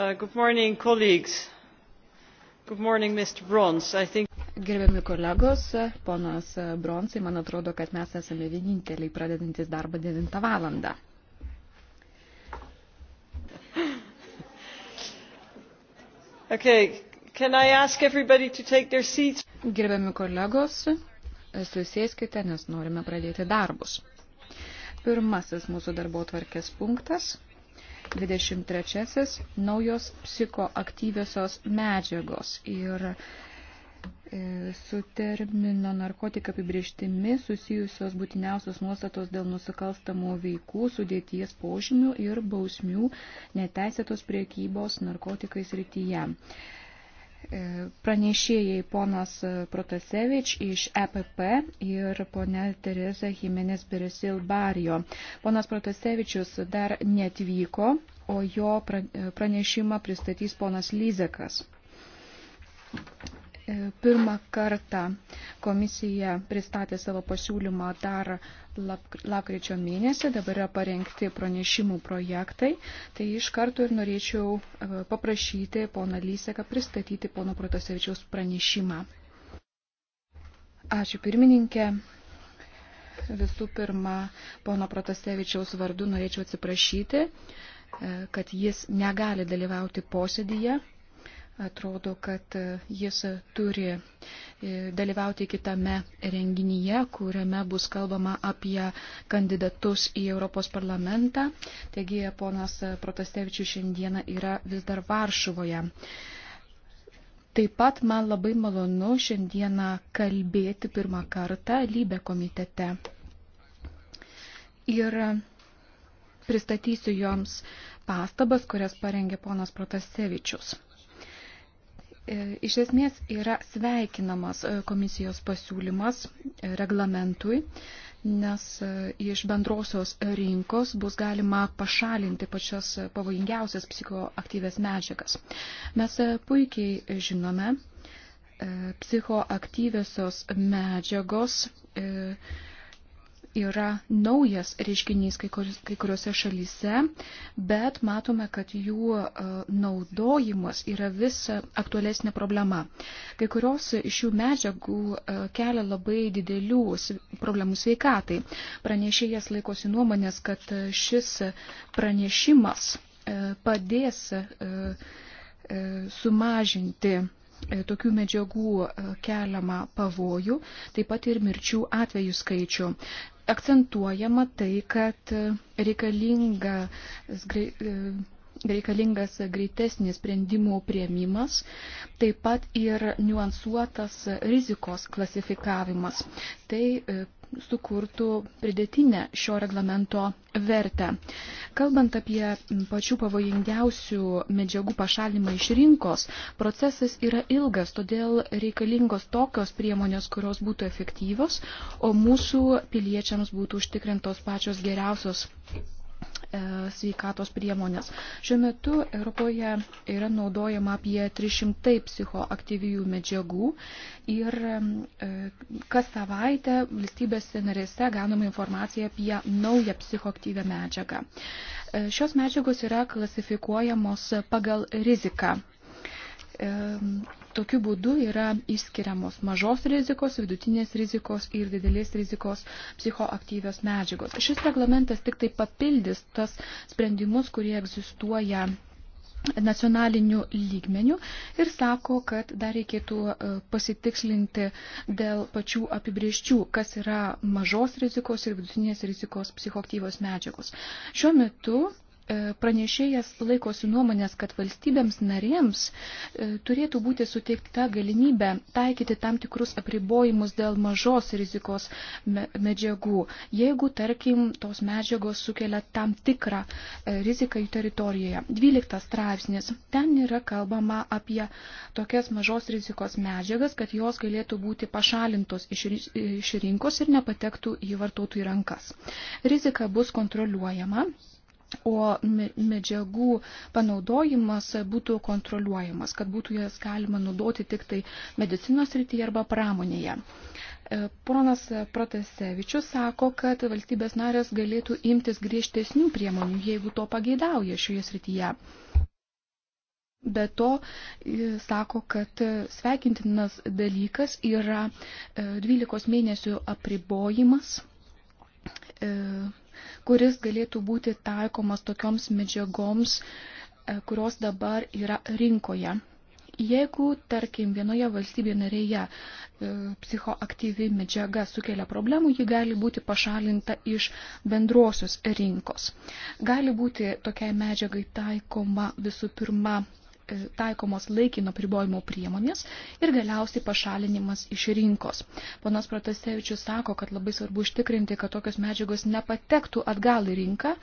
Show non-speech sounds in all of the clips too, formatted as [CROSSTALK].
Uh, good morning, colleagues. Good morning, Mr. Brons. I think. Gerbiami kolegos, ponas Bronsai, man atrodo, kad mes esame vieninteliai pradedantis darbą 9 valandą. [LAUGHS] Okay, can I ask everybody to take their seats? Gerbiami kolegos, susėskite, nes norime pradėti darbus. Pirmasis mūsų darbo tvarkės punktas 23. Naujos psichoaktyviosios medžiagos ir e, su termino narkotika apibrieštimi susijusios būtiniausios nuostatos dėl nusikalstamų veikų, sudėties požymių ir bausmių neteisėtos priekybos narkotikais rytyje pranešėjai ponas Protasevič iš EPP ir ponė Teresa Jimenez Beresil Barrio. Ponas Protasevičius dar netvyko, o jo pranešimą pristatys ponas Lyzekas. E, pirmą kartą komisija pristatė savo pasiūlymą dar lapkričio mėnesį, dabar yra parengti pranešimų projektai. Tai iš karto ir norėčiau e, paprašyti poną Lyseką pristatyti pono Protasevičiaus pranešimą. Ačiū pirmininkė. Visų pirma, pono Protasevičiaus vardu norėčiau atsiprašyti, e, kad jis negali dalyvauti posėdyje Atrodo, kad e, jis turi e, dalyvauti kitame renginyje, kuriame bus kalbama apie kandidatus į Europos parlamentą. Taigi, ponas Protastevičius šiandieną yra vis dar Varšuvoje. Taip pat man labai malonu šiandieną kalbėti pirmą kartą lybę komitete. Ir pristatysiu joms pastabas, kurias parengė ponas Protasevičius. E, iš esmės yra sveikinamas e, komisijos pasiūlymas e, reglamentui, nes iš bendrosios rinkos bus galima pašalinti pačias pavojingiausias psichoaktyves medžiagas. Mes puikiai žinome, psichoaktyviosios medžiagos yra naujas reiškinys kai kuriuose šalyse, bet matome, kad jų e, naudojimas yra vis aktualesnė problema. Kai kurios iš jų medžiagų e, kelia labai didelių problemų sveikatai. Pranešėjas laikosi nuomonės, kad šis pranešimas e, padės sumažinti tokių medžiagų keliamą pavojų, taip pat ir mirčių atvejų skaičių akcentuojama tai, kad e, reikalinga, e, reikalingas greitesnis sprendimų prieimimas, taip pat ir niuansuotas rizikos klasifikavimas. Tai e, sukurtų pridėtinę šio reglamento vertę. Kalbant apie pačių pavojingiausių medžiagų pašalimą iš rinkos, procesas yra ilgas, todėl reikalingos tokios priemonės, kurios būtų efektyvios, o mūsų piliečiams būtų užtikrintos pačios geriausios E, sveikatos priemonės. Šiuo metu Europoje yra naudojama apie 300 psichoaktyvių medžiagų ir e, kas savaitę valstybėse narėse gaunama informacija apie naują psichoaktyvę medžiagą. E, šios medžiagos yra klasifikuojamos pagal riziką Tokiu būdu yra išskiriamos mažos rizikos, vidutinės rizikos ir didelės rizikos psichoaktyvios medžiagos. Šis reglamentas tik tai papildys tas sprendimus, kurie egzistuoja nacionaliniu lygmeniu ir sako, kad dar reikėtų e, pasitikslinti dėl pačių apibrieščių, kas yra mažos rizikos ir vidutinės rizikos psichoktyvos medžiagos. Šiuo metu E, pranešėjas laikosi nuomonės, kad valstybėms narėms e, turėtų būti suteikta galimybė taikyti tam tikrus apribojimus dėl mažos rizikos medžiagų, jeigu, tarkim, tos medžiagos sukelia tam tikrą e, riziką jų teritorijoje. 12 straipsnis. Ten yra kalbama apie tokias mažos rizikos medžiagas, kad jos galėtų būti pašalintos iš rinkos ir nepatektų į vartotojų rankas. Rizika bus kontroliuojama o medžiagų panaudojimas būtų kontroliuojamas, kad būtų jas galima naudoti tik tai medicinos rytyje arba pramonėje. E, ponas Protasevičius sako, kad valstybės narės galėtų imtis griežtesnių priemonių, jeigu to pageidauja šioje srityje. Be to, e, sako, kad sveikintinas dalykas yra 12 e, mėnesių apribojimas kuris galėtų būti taikomas tokioms medžiagoms, e, kurios dabar yra rinkoje. Jeigu, tarkim, vienoje valstybėje narėje e, psichoaktyvi medžiaga sukelia problemų, ji gali būti pašalinta iš bendrosios rinkos. Gali būti tokiai medžiagai taikoma visų pirma taikomos laikino pribojimo priemonės ir galiausiai pašalinimas iš rinkos. Ponas Protasevičius sako, kad labai svarbu užtikrinti, kad tokios medžiagos nepatektų atgal į rinką,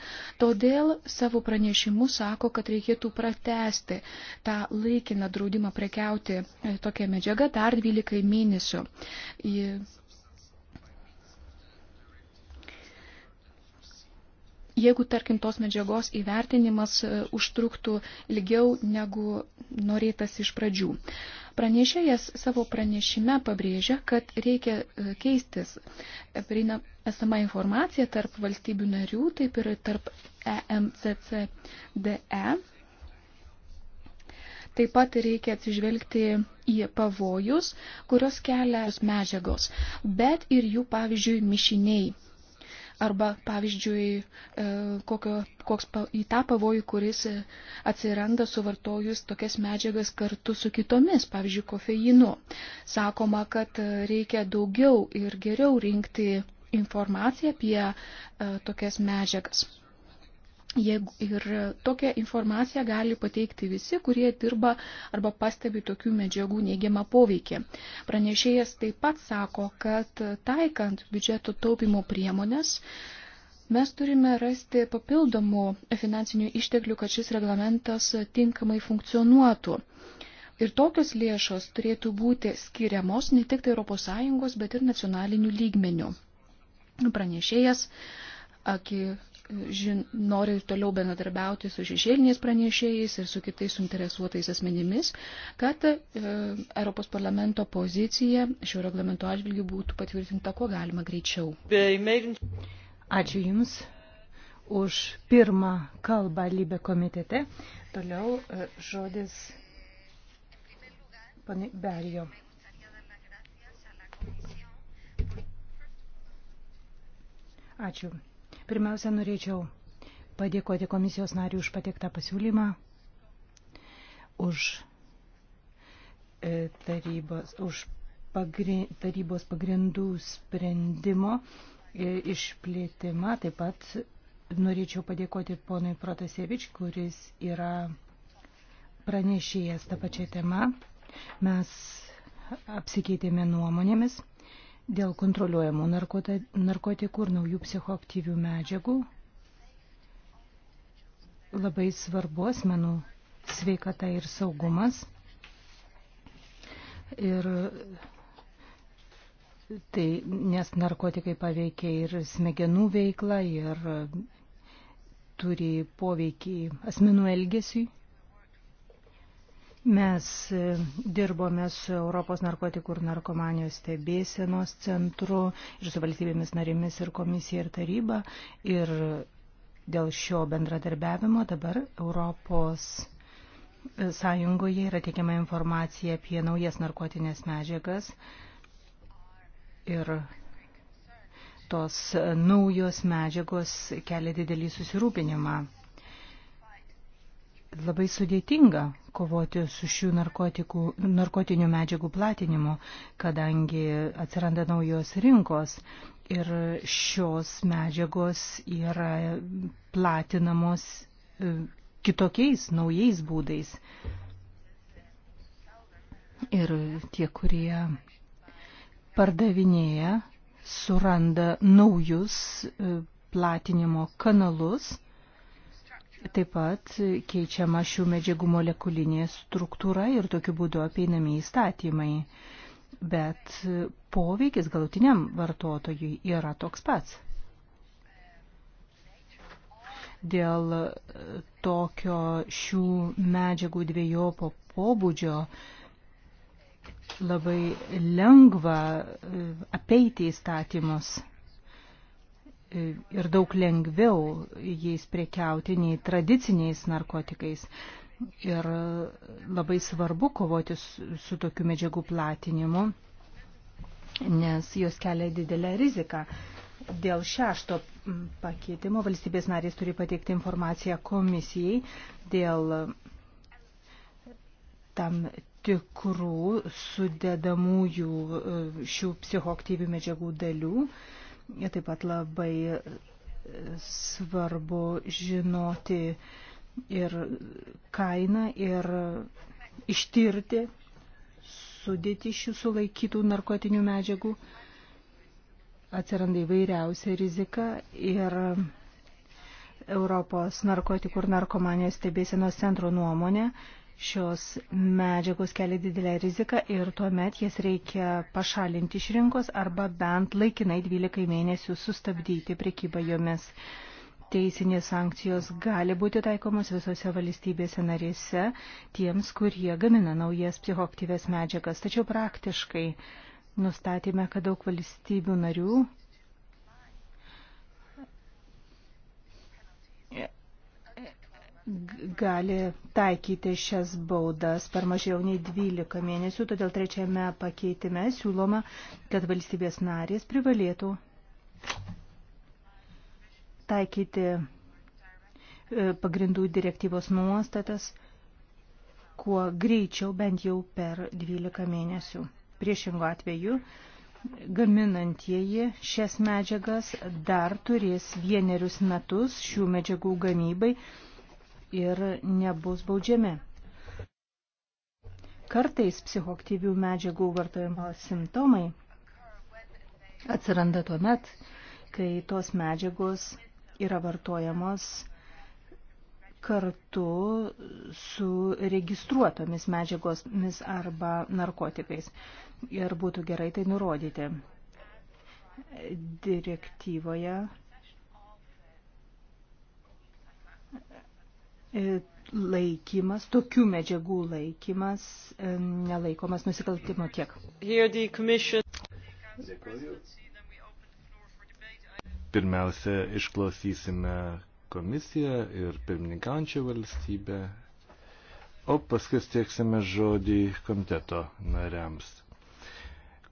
todėl savo pranešimu sako, kad reikėtų pratesti tą laikiną draudimą prekiauti e, tokią medžiagą dar 12 mėnesių. jeigu, tarkim, tos medžiagos įvertinimas e, užtruktų ilgiau negu norėtas iš pradžių. Pranešėjas savo pranešime pabrėžia, kad reikia e, keistis e, prieina esama informacija tarp valstybių narių, taip ir tarp EMCCDE. Taip pat reikia atsižvelgti į pavojus, kurios kelia medžiagos, bet ir jų, pavyzdžiui, mišiniai arba, pavyzdžiui, e, kokio, koks į tą pavojų, kuris e, atsiranda suvartojus tokias medžiagas kartu su kitomis, pavyzdžiui, kofeinu. Sakoma, kad e, reikia daugiau ir geriau rinkti informaciją apie tokias medžiagas. Jeigu ir tokią informaciją gali pateikti visi, kurie dirba arba pastebi tokių medžiagų neigiamą poveikį. Pranešėjas taip pat sako, kad taikant biudžeto taupimo priemonės, mes turime rasti papildomų finansinių išteklių, kad šis reglamentas tinkamai funkcionuotų. Ir tokios lėšos turėtų būti skiriamos ne tik tai ES, bet ir nacionalinių lygmenių. Pranešėjas aki, žin, nori ir toliau bendradarbiauti su šešėliniais pranešėjais ir su kitais suinteresuotais asmenimis, kad e, Europos parlamento pozicija šio reglamento atžvilgių būtų patvirtinta kuo galima greičiau. Ačiū Jums už pirmą kalbą Lybe komitete. Toliau e, žodis ponai Berijo. Ačiū. Pirmiausia, norėčiau padėkoti komisijos nariui už pateiktą pasiūlymą, už, e, tarybos, už pagri, tarybos pagrindų sprendimo e, išplėtimą. Taip pat norėčiau padėkoti ponui Protasevič, kuris yra pranešėjas tą pačią temą. Mes apsikeitėme nuomonėmis dėl kontroliuojamų narkotikų ir naujų psichoaktyvių medžiagų. Labai svarbu asmenų sveikata ir saugumas. Ir tai, nes narkotikai paveikia ir smegenų veiklą, ir turi poveikį asmenų elgesiui. Mes e, dirbome su Europos narkotikų ir narkomanijos stebėsienos centru ir su valstybėmis narėmis ir komisija ir taryba. Ir dėl šio bendradarbiavimo dabar Europos e, Sąjungoje yra teikiama informacija apie naujas narkotinės medžiagas ir tos e, naujos medžiagos kelia didelį susirūpinimą labai sudėtinga kovoti su šių narkotinių medžiagų platinimu, kadangi atsiranda naujos rinkos ir šios medžiagos yra platinamos e, kitokiais, naujais būdais. Ir tie, kurie pardavinėja, suranda naujus e, platinimo kanalus Taip pat keičiama šių medžiagų molekulinė struktūra ir tokiu būdu apeinami įstatymai. Bet poveikis galutiniam vartotojui yra toks pats. Dėl tokio šių medžiagų dviejopo pobūdžio labai lengva apeiti įstatymus ir daug lengviau jais priekiauti nei tradiciniais narkotikais. Ir labai svarbu kovoti su, su tokiu medžiagų platinimu, nes jos kelia didelę riziką. Dėl šešto pakeitimo valstybės narės turi pateikti informaciją komisijai dėl tam tikrų sudedamųjų e, šių psichoktyvių medžiagų dalių. Taip pat labai svarbu žinoti ir kainą ir ištirti sudėti šių sulaikytų narkotinių medžiagų. Atsiranda įvairiausia rizika ir Europos narkotikų ir narkomanijos stebėsenos centro nuomonė šios medžiagos kelia didelę riziką ir tuomet jas reikia pašalinti iš rinkos arba bent laikinai 12 mėnesių sustabdyti prekybą jomis. Teisinės sankcijos gali būti taikomos visose valstybėse narėse tiems, kurie gamina naujas psichoktyves medžiagas, tačiau praktiškai nustatėme, kad daug valstybių narių gali taikyti šias baudas per mažiau nei 12 mėnesių, todėl trečiame pakeitime siūloma, kad valstybės narės privalėtų taikyti e, pagrindų direktyvos nuostatas kuo greičiau bent jau per 12 mėnesių. Priešingo atveju gaminantieji šias medžiagas dar turės vienerius metus šių medžiagų gamybai ir nebus baudžiami. Kartais psichoktyvių medžiagų vartojimo simptomai atsiranda tuo met, kai tos medžiagos yra vartojamos kartu su registruotomis medžiagomis arba narkotikais. Ir būtų gerai tai nurodyti. Direktyvoje E, laikymas, tokių medžiagų laikymas e, nelaikomas nusikaltimo tiek. Pirmiausia, išklausysime komisiją ir pirmininkančią valstybę, o paskui stieksime žodį komiteto nariams.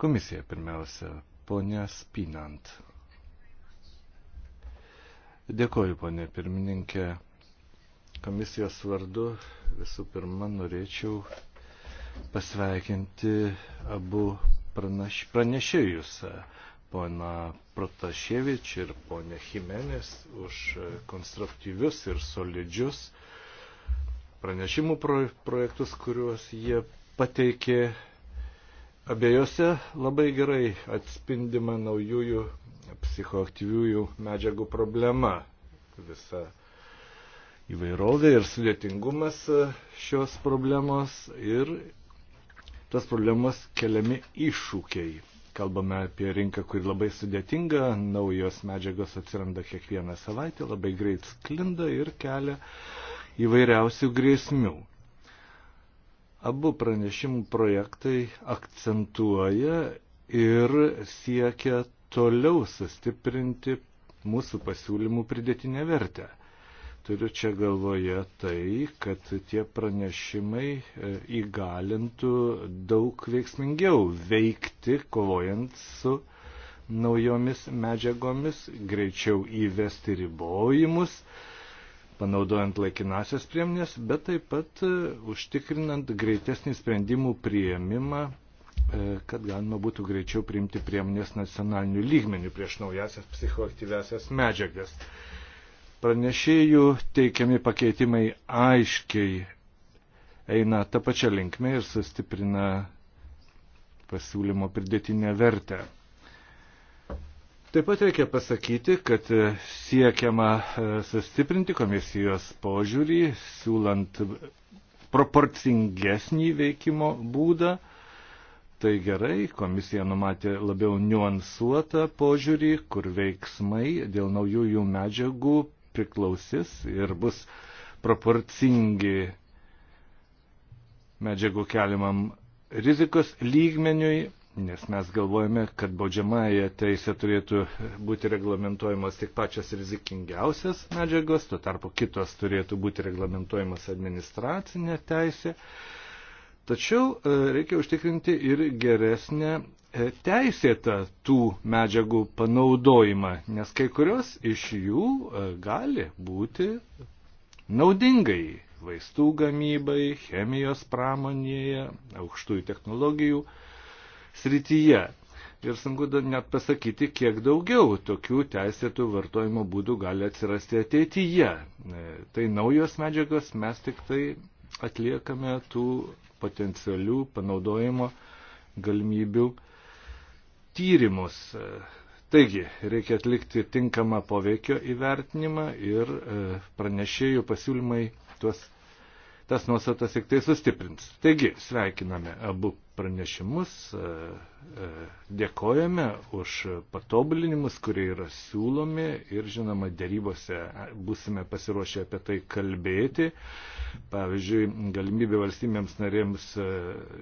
Komisija pirmiausia, ponia Spinant. Dėkoju, ponė pirmininkė. Komisijos vardu visų pirma norėčiau pasveikinti abu pranaš, pranešėjus, pona Protaševič ir ponė Jimenės, už konstruktyvius ir solidžius pranešimų pro, projektus, kuriuos jie pateikė. Abiejose labai gerai atspindima naujųjų psichoaktyviųjų medžiagų problema. Visa įvairovė ir sudėtingumas e, šios problemos ir tas problemas keliami iššūkiai. Kalbame apie rinką, kuri labai sudėtinga, naujos medžiagos atsiranda kiekvieną savaitę, labai greit sklinda ir kelia įvairiausių grėsmių. Abu pranešimų projektai akcentuoja ir siekia toliau sustiprinti mūsų pasiūlymų pridėtinę vertę. Turiu čia galvoje tai, kad tie pranešimai e, įgalintų daug veiksmingiau veikti, kovojant su naujomis medžiagomis, greičiau įvesti ribojimus, panaudojant laikinasias priemonės, bet taip pat e, užtikrinant greitesnį sprendimų prieimimą e, kad galima būtų greičiau priimti priemonės nacionalinių lygmenių prieš naujasias psichoaktyviasias medžiagas. Pranešėjų teikiami pakeitimai aiškiai eina tą pačią linkmę ir sustiprina pasiūlymo pridėtinę vertę. Taip pat reikia pasakyti, kad siekiama e, sustiprinti komisijos požiūrį, siūlant proporcingesnį veikimo būdą. Tai gerai, komisija numatė labiau niuansuotą požiūrį, kur veiksmai dėl naujųjų medžiagų priklausys ir bus proporcingi medžiagų keliamam rizikos lygmeniui, nes mes galvojame, kad baudžiamąją teisę turėtų būti reglamentuojamos tik pačias rizikingiausias medžiagos, tuo tarpu kitos turėtų būti reglamentuojamos administracinė teisė. Tačiau e, reikia užtikrinti ir geresnę e, teisėtą tų medžiagų panaudojimą, nes kai kurios iš jų e, gali būti naudingai vaistų gamybai, chemijos pramonėje, aukštųjų technologijų srityje. Ir sunku net pasakyti, kiek daugiau tokių teisėtų vartojimo būdų gali atsirasti ateityje. Tai naujos medžiagos, mes tik tai atliekame tų potencialių panaudojimo galimybių tyrimus. Taigi, reikia atlikti tinkamą poveikio įvertinimą ir e, pranešėjų pasiūlymai tuos tas nuostatas tik tai sustiprins. Taigi, sveikiname abu pranešimus, e, e, dėkojame už patobulinimus, kurie yra siūlomi ir, žinoma, dėrybose būsime pasiruošę apie tai kalbėti. Pavyzdžiui, galimybė valstybėms narėms e,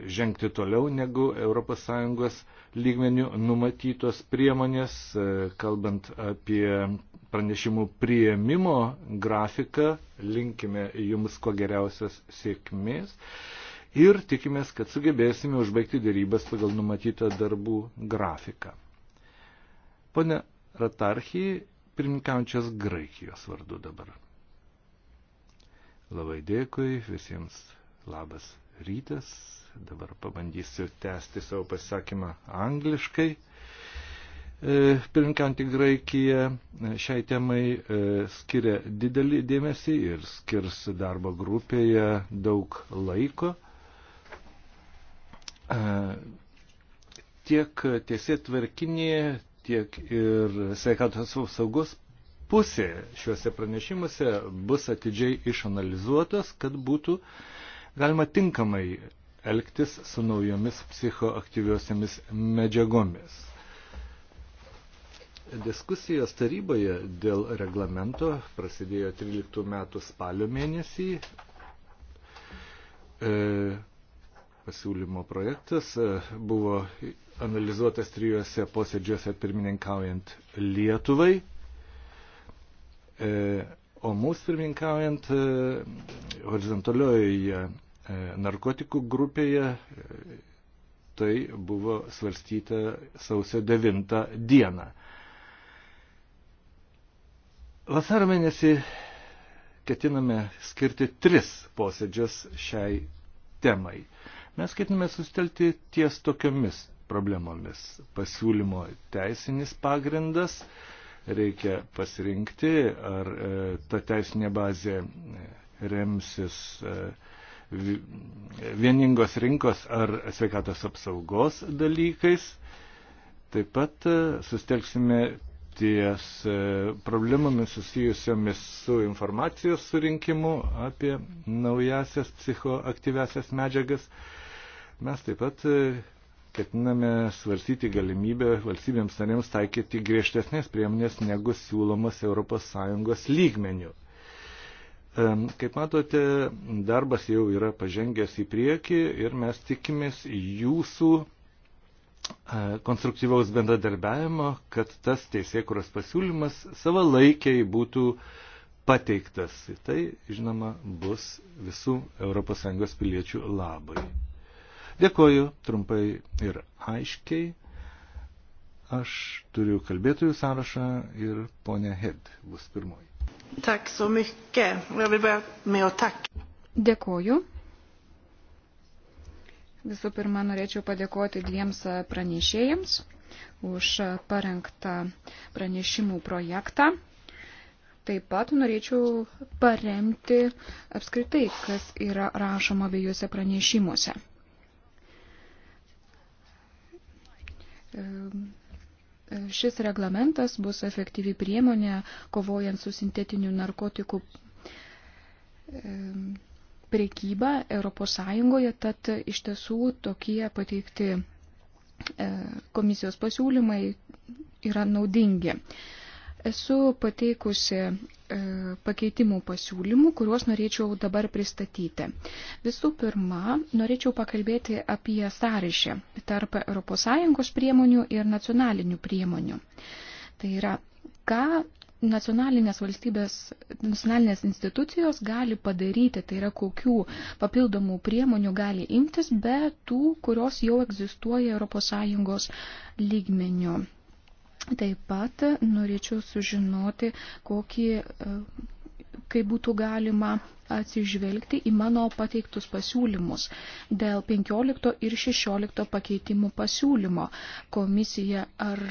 žengti toliau negu ES lygmenių numatytos priemonės, kalbant apie pranešimų prieimimo grafiką. Linkime Jums ko geriausios sėkmės ir tikimės, kad sugebėsime užbaigti dėrybas pagal numatytą darbų grafiką. Pone Ratarchijai, pirmininkaujančias Graikijos vardu dabar. Labai dėkui visiems. Labas rytas. Dabar pabandysiu tęsti savo pasisakymą angliškai. E, Pirinkianti Graikija e, šiai temai e, skiria didelį dėmesį ir skirs darbo grupėje daug laiko. Tiek tiesėtvarkinėje, tiek ir sveikatos apsaugos pusė šiuose pranešimuose bus atidžiai išanalizuotas, kad būtų galima tinkamai elgtis su naujomis psichoaktyviosiamis medžiagomis. Diskusijos taryboje dėl reglamento prasidėjo 13 metų spalio mėnesį. E, pasiūlymo projektas e, buvo analizuotas trijuose posėdžiuose pirmininkaujant Lietuvai. E, o mūsų pirmininkaujant e, horizontaliojoje e, narkotikų grupėje e, tai buvo svarstyta sausio 9 dieną. Vasaro mėnesį ketiname skirti tris posėdžius šiai temai. Mes ketiname sustelti ties tokiomis problemomis. Pasiūlymo teisinis pagrindas reikia pasirinkti, ar e, ta teisinė bazė e, remsis e, vieningos rinkos ar sveikatos apsaugos dalykais. Taip pat e, sustelksime ties e, problemomis susijusiomis su informacijos surinkimu apie naujasias psichoaktyvesias medžiagas. Mes taip pat e, ketiname svarstyti galimybę valstybėms narėms taikyti griežtesnės priemonės negu siūlomas ES lygmenių. E, kaip matote, darbas jau yra pažengęs į priekį ir mes tikimės jūsų E, konstruktyvaus bendradarbiavimo, kad tas teisėkuros pasiūlymas savalaikiai būtų pateiktas. Tai, žinoma, bus visų ES piliečių labai. Dėkoju trumpai ir aiškiai. Aš turiu kalbėtojų sąrašą ir ponė Hed bus pirmoji. Dėkoju. Visų pirma, norėčiau padėkoti dviems pranešėjams už parengtą pranešimų projektą. Taip pat norėčiau paremti apskritai, kas yra rašoma abiejose pranešimuose. Ehm, šis reglamentas bus efektyvi priemonė kovojant su sintetiniu narkotiku ehm, prekybą ES, tad iš tiesų tokie pateikti e, komisijos pasiūlymai yra naudingi. Esu pateikusi e, pakeitimų pasiūlymų, kuriuos norėčiau dabar pristatyti. Visų pirma, norėčiau pakalbėti apie sąryšį tarp ES priemonių ir nacionalinių priemonių. Tai yra, ką nacionalinės valstybės, nacionalinės institucijos gali padaryti, tai yra kokių papildomų priemonių gali imtis, be tų, kurios jau egzistuoja ES lygmeniu. Taip pat norėčiau sužinoti, kokį, e, kaip būtų galima atsižvelgti į mano pateiktus pasiūlymus. Dėl 15 ir 16 pakeitimų pasiūlymo komisija, ar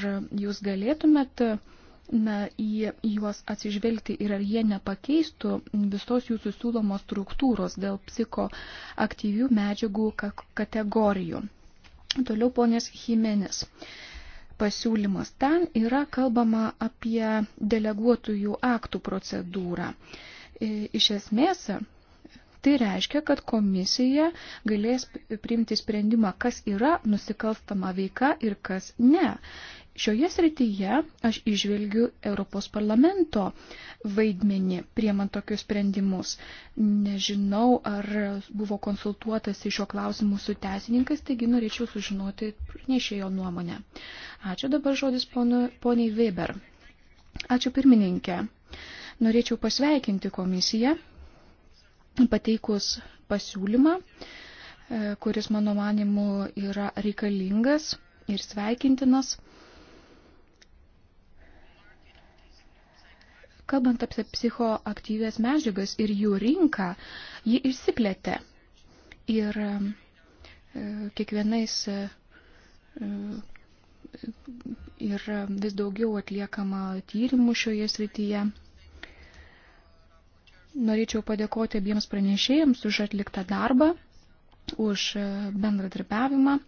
jūs galėtumėt na, į juos atsižvelgti ir ar jie nepakeistų visos jūsų siūlomos struktūros dėl psichoaktyvių medžiagų kategorijų. Toliau ponės Jimenis pasiūlymas. Ten yra kalbama apie deleguotųjų aktų procedūrą. E, iš esmės, Tai reiškia, kad komisija galės priimti sprendimą, kas yra nusikalstama veika ir kas ne. Šioje srityje aš išvelgiu Europos parlamento vaidmenį priemant tokius sprendimus. Nežinau, ar buvo konsultuotas iš šio klausimų su teisininkais, taigi norėčiau sužinoti pranešėjo nuomonę. Ačiū dabar žodis ponu, poniai Weber. Ačiū pirmininkė. Norėčiau pasveikinti komisiją pateikus pasiūlymą, e, kuris mano manimu yra reikalingas ir sveikintinas. Kalbant apie psichoaktyvės medžiagas ir jų rinką, ji išsiplėtė. Ir um, e, kiekvienais e, e, ir vis daugiau atliekama tyrimų šioje srityje. Norėčiau padėkoti abiems pranešėjams už atliktą darbą, už bendradarbiavimą.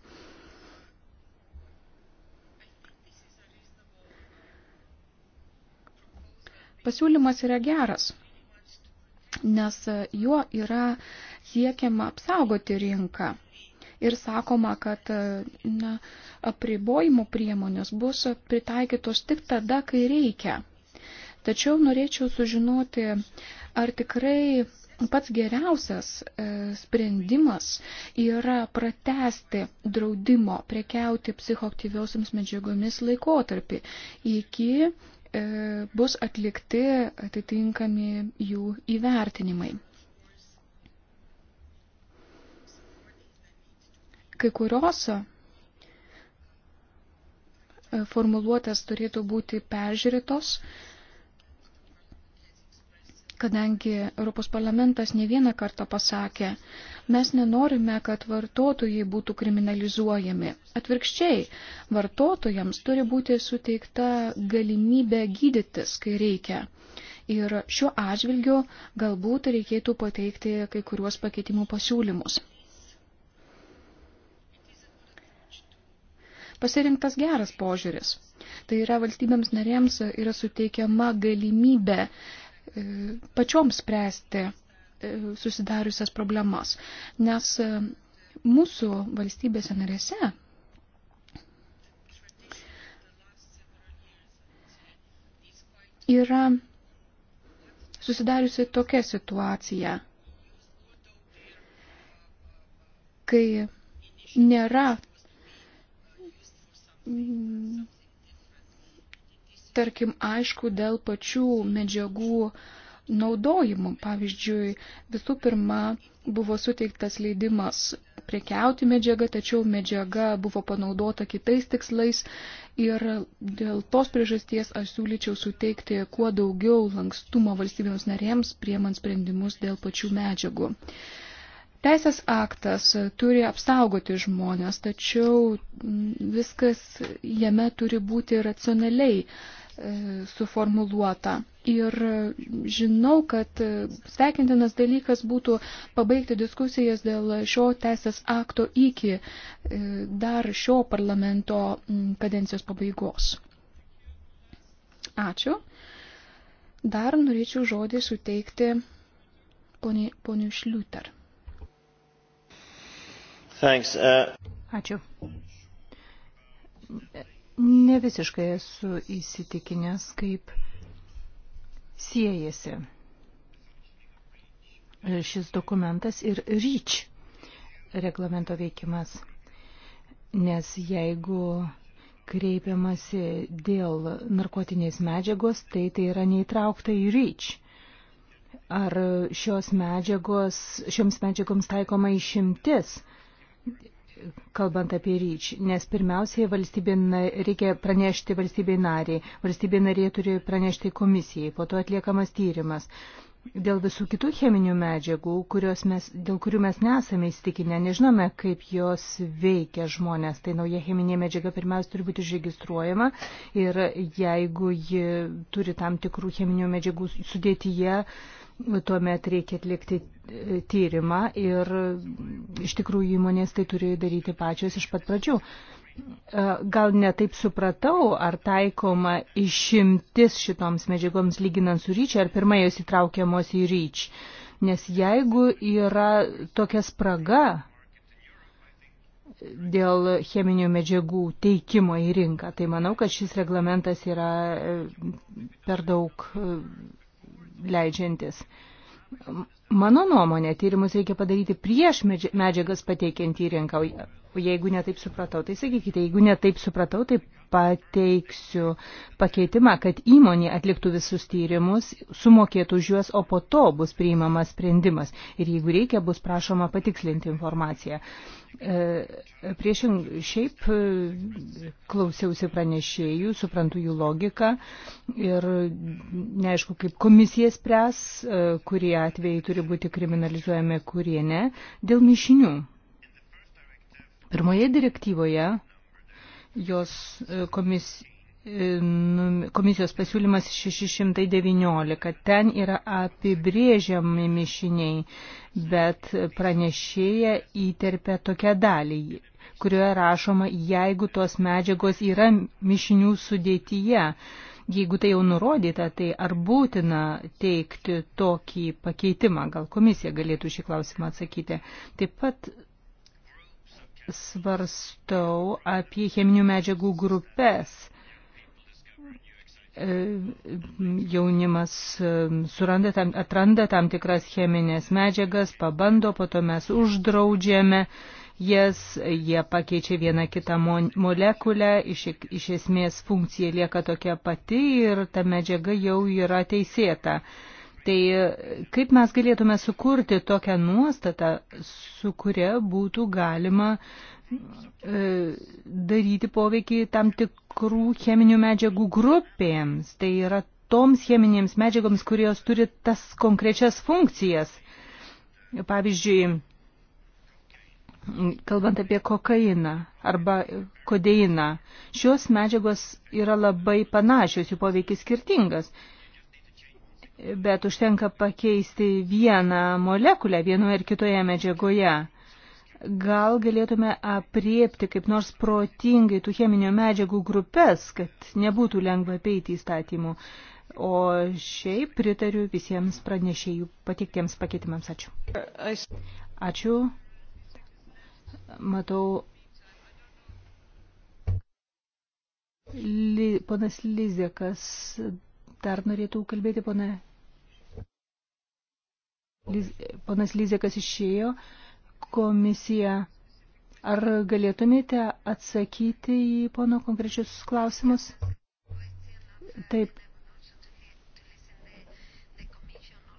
Pasiūlymas yra geras, nes juo yra siekiama apsaugoti rinką. Ir sakoma, kad na, apribojimų priemonės bus pritaikytos tik tada, kai reikia. Tačiau norėčiau sužinoti, ar tikrai pats geriausias e, sprendimas yra pratesti draudimo prekiauti psichoktyviausiams medžiagomis laikotarpį iki E, bus atlikti atitinkami jų įvertinimai. Kai kurios e, formuluotės turėtų būti peržiūrėtos, kadangi Europos parlamentas ne vieną kartą pasakė, mes nenorime, kad vartotojai būtų kriminalizuojami. Atvirkščiai, vartotojams turi būti suteikta galimybė gydytis, kai reikia. Ir šiuo atžvilgiu galbūt reikėtų pateikti kai kuriuos pakeitimų pasiūlymus. pasirinktas geras požiūris. Tai yra valstybėms narėms yra suteikiama galimybė pačioms spręsti e, susidariusias problemas, nes e, mūsų valstybėse narėse yra susidariusi tokia situacija, kai nėra tarkim, aišku dėl pačių medžiagų naudojimo. Pavyzdžiui, visų pirma, buvo suteiktas leidimas prekiauti medžiagą, tačiau medžiaga buvo panaudota kitais tikslais ir dėl tos priežasties aš siūlyčiau suteikti kuo daugiau lankstumo valstybėms narėms priemant sprendimus dėl pačių medžiagų. Teisės aktas turi apsaugoti žmonės, tačiau viskas jame turi būti racionaliai E, suformuluota. Ir žinau, kad sveikintinas dalykas būtų pabaigti diskusijas dėl šio teisės akto iki e, dar šio parlamento kadencijos pabaigos. Ačiū. Dar norėčiau žodį suteikti poniu Šliuter. Thanks, uh... Ačiū ne visiškai esu įsitikinęs, kaip siejasi šis dokumentas ir ryč reglamento veikimas. Nes jeigu kreipiamasi dėl narkotinės medžiagos, tai tai yra neįtraukta į ryč. Ar šios medžiagos, šioms medžiagoms taikoma išimtis? kalbant apie ryč, nes pirmiausiai valstybė, reikia pranešti valstybei nariai, valstybė narė turi pranešti komisijai, po to atliekamas tyrimas. Dėl visų kitų cheminių medžiagų, mes, dėl kurių mes nesame įstikinę, nežinome, kaip jos veikia žmonės, tai nauja cheminė medžiaga pirmiausia turi būti užregistruojama ir jeigu ji turi tam tikrų cheminių medžiagų sudėtyje, tuomet reikia atlikti e, tyrimą ir iš tikrųjų įmonės tai turi daryti pačios iš pat pradžių. E, gal netaip supratau, ar taikoma išimtis šitoms medžiagoms lyginant su ryčiai, ar pirmai jos įtraukiamos į ryč. Nes jeigu yra tokia spraga dėl cheminių medžiagų teikimo į rinką, tai manau, kad šis reglamentas yra e, per daug leidžiantis. Mano nuomonė, tyrimus reikia padaryti prieš medžiagas pateikiant į rinką. Jeigu netaip supratau, tai sakykite, jeigu netaip supratau, tai pateiksiu pakeitimą, kad įmonė atliktų visus tyrimus, sumokėtų už juos, o po to bus priimamas sprendimas ir jeigu reikia, bus prašoma patikslinti informaciją. E, priešing, šiaip e, klausiausi pranešėjų, suprantu jų logiką ir neaišku, kaip komisija spręs, e, kurie atvejai turi būti kriminalizuojami, kurie ne, dėl mišinių. Pirmoje direktyvoje jos e, komis, e, nu, komisijos pasiūlymas 619. Ten yra apibrėžiami mišiniai, bet pranešėja įterpia tokią dalį, kurioje rašoma, jeigu tos medžiagos yra mišinių sudėtyje. Jeigu tai jau nurodyta, tai ar būtina teikti tokį pakeitimą? Gal komisija galėtų šį klausimą atsakyti. Taip pat svarstau apie cheminių medžiagų grupės. E, jaunimas e, suranda tam, atranda tam tikras cheminės medžiagas, pabando, po to mes uždraudžiame jas, jie pakeičia vieną kitą molekulę, iš, iš esmės funkcija lieka tokia pati ir ta medžiaga jau yra teisėta. Tai kaip mes galėtume sukurti tokią nuostatą, su kuria būtų galima e, daryti poveikį tam tikrų cheminių medžiagų grupėms. Tai yra toms cheminėms medžiagoms, kurios turi tas konkrečias funkcijas. Pavyzdžiui, kalbant apie kokainą arba kodeiną, šios medžiagos yra labai panašios, jų poveikis skirtingas bet užtenka pakeisti vieną molekulę vienoje ar kitoje medžiagoje. Gal galėtume apriepti kaip nors protingai tų cheminio medžiagų grupės, kad nebūtų lengva peiti įstatymų. O šiaip pritariu visiems pranešėjų pateiktiems pakeitimams. Ačiū. Ačiū. Matau. Li, ponas Lizekas dar norėtų kalbėti, pone Ponas Lyzekas išėjo, komisija. Ar galėtumėte atsakyti į pono konkrečius klausimus? Taip.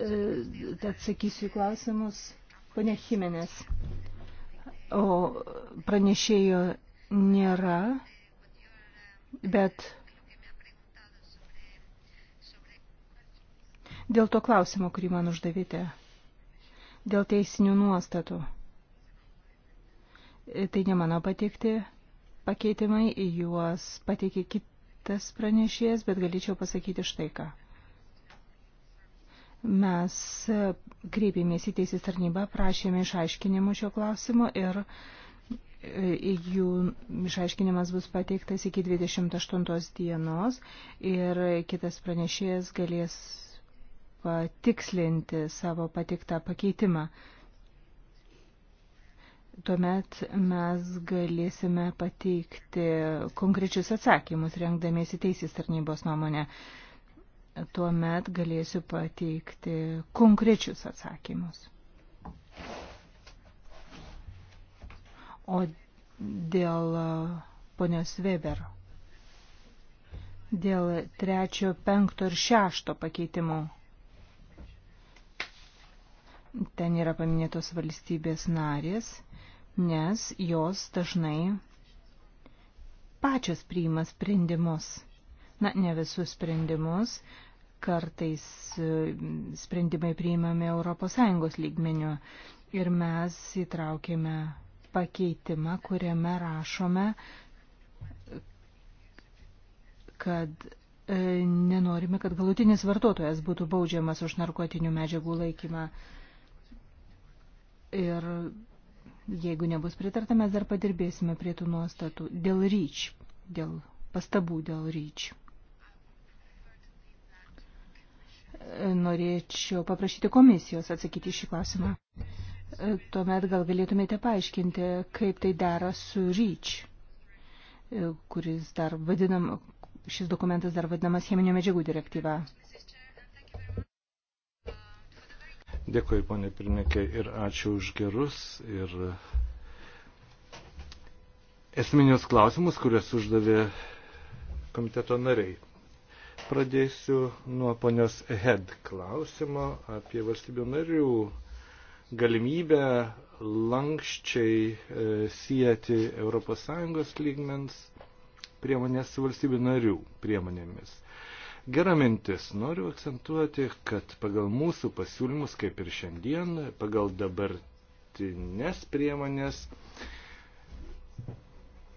E, atsakysiu į klausimus. Pone Jimenez. O pranešėjo nėra, bet dėl to klausimo, kurį man uždavėte dėl teisinių nuostatų. Tai ne mano patikti pakeitimai, juos pateikė kitas pranešėjas, bet galėčiau pasakyti štai ką. Mes kreipėmės į teisės tarnybą, prašėme išaiškinimų šio klausimo ir e, jų išaiškinimas bus pateiktas iki 28 dienos ir kitas pranešėjas galės patikslinti savo patiktą pakeitimą. Tuomet mes galėsime pateikti konkrečius atsakymus, rengdamiesi teisės tarnybos nuomonę. Tuomet galėsiu pateikti konkrečius atsakymus. O dėl ponios Weber. Dėl trečio, penkto ir šešto pakeitimų. Ten yra paminėtos valstybės narės, nes jos dažnai pačios priima sprendimus. Na, ne visus sprendimus, kartais e, sprendimai priimami ES lygmeniu ir mes įtraukėme pakeitimą, kuriame rašome, kad e, nenorime, kad galutinis vartotojas būtų baudžiamas už narkotinių medžiagų laikymą Ir jeigu nebus pritarta, mes dar padirbėsime prie tų nuostatų dėl ryč, dėl pastabų dėl ryč. Norėčiau paprašyti komisijos atsakyti šį klausimą. Tuomet gal galėtumėte paaiškinti, kaip tai dera su ryč, kuris dar vadinam, šis dokumentas dar vadinamas cheminio medžiagų direktyva. Dėkui, ponė Pirmininkė, ir ačiū už gerus ir esminius klausimus, kuriuos uždavė komiteto nariai. Pradėsiu nuo ponios Head klausimo apie valstybių narių galimybę lankščiai e, sieti ES lygmens priemonės su valstybių narių priemonėmis. Gera mintis. Noriu akcentuoti, kad pagal mūsų pasiūlymus, kaip ir šiandien, pagal dabartinės priemonės,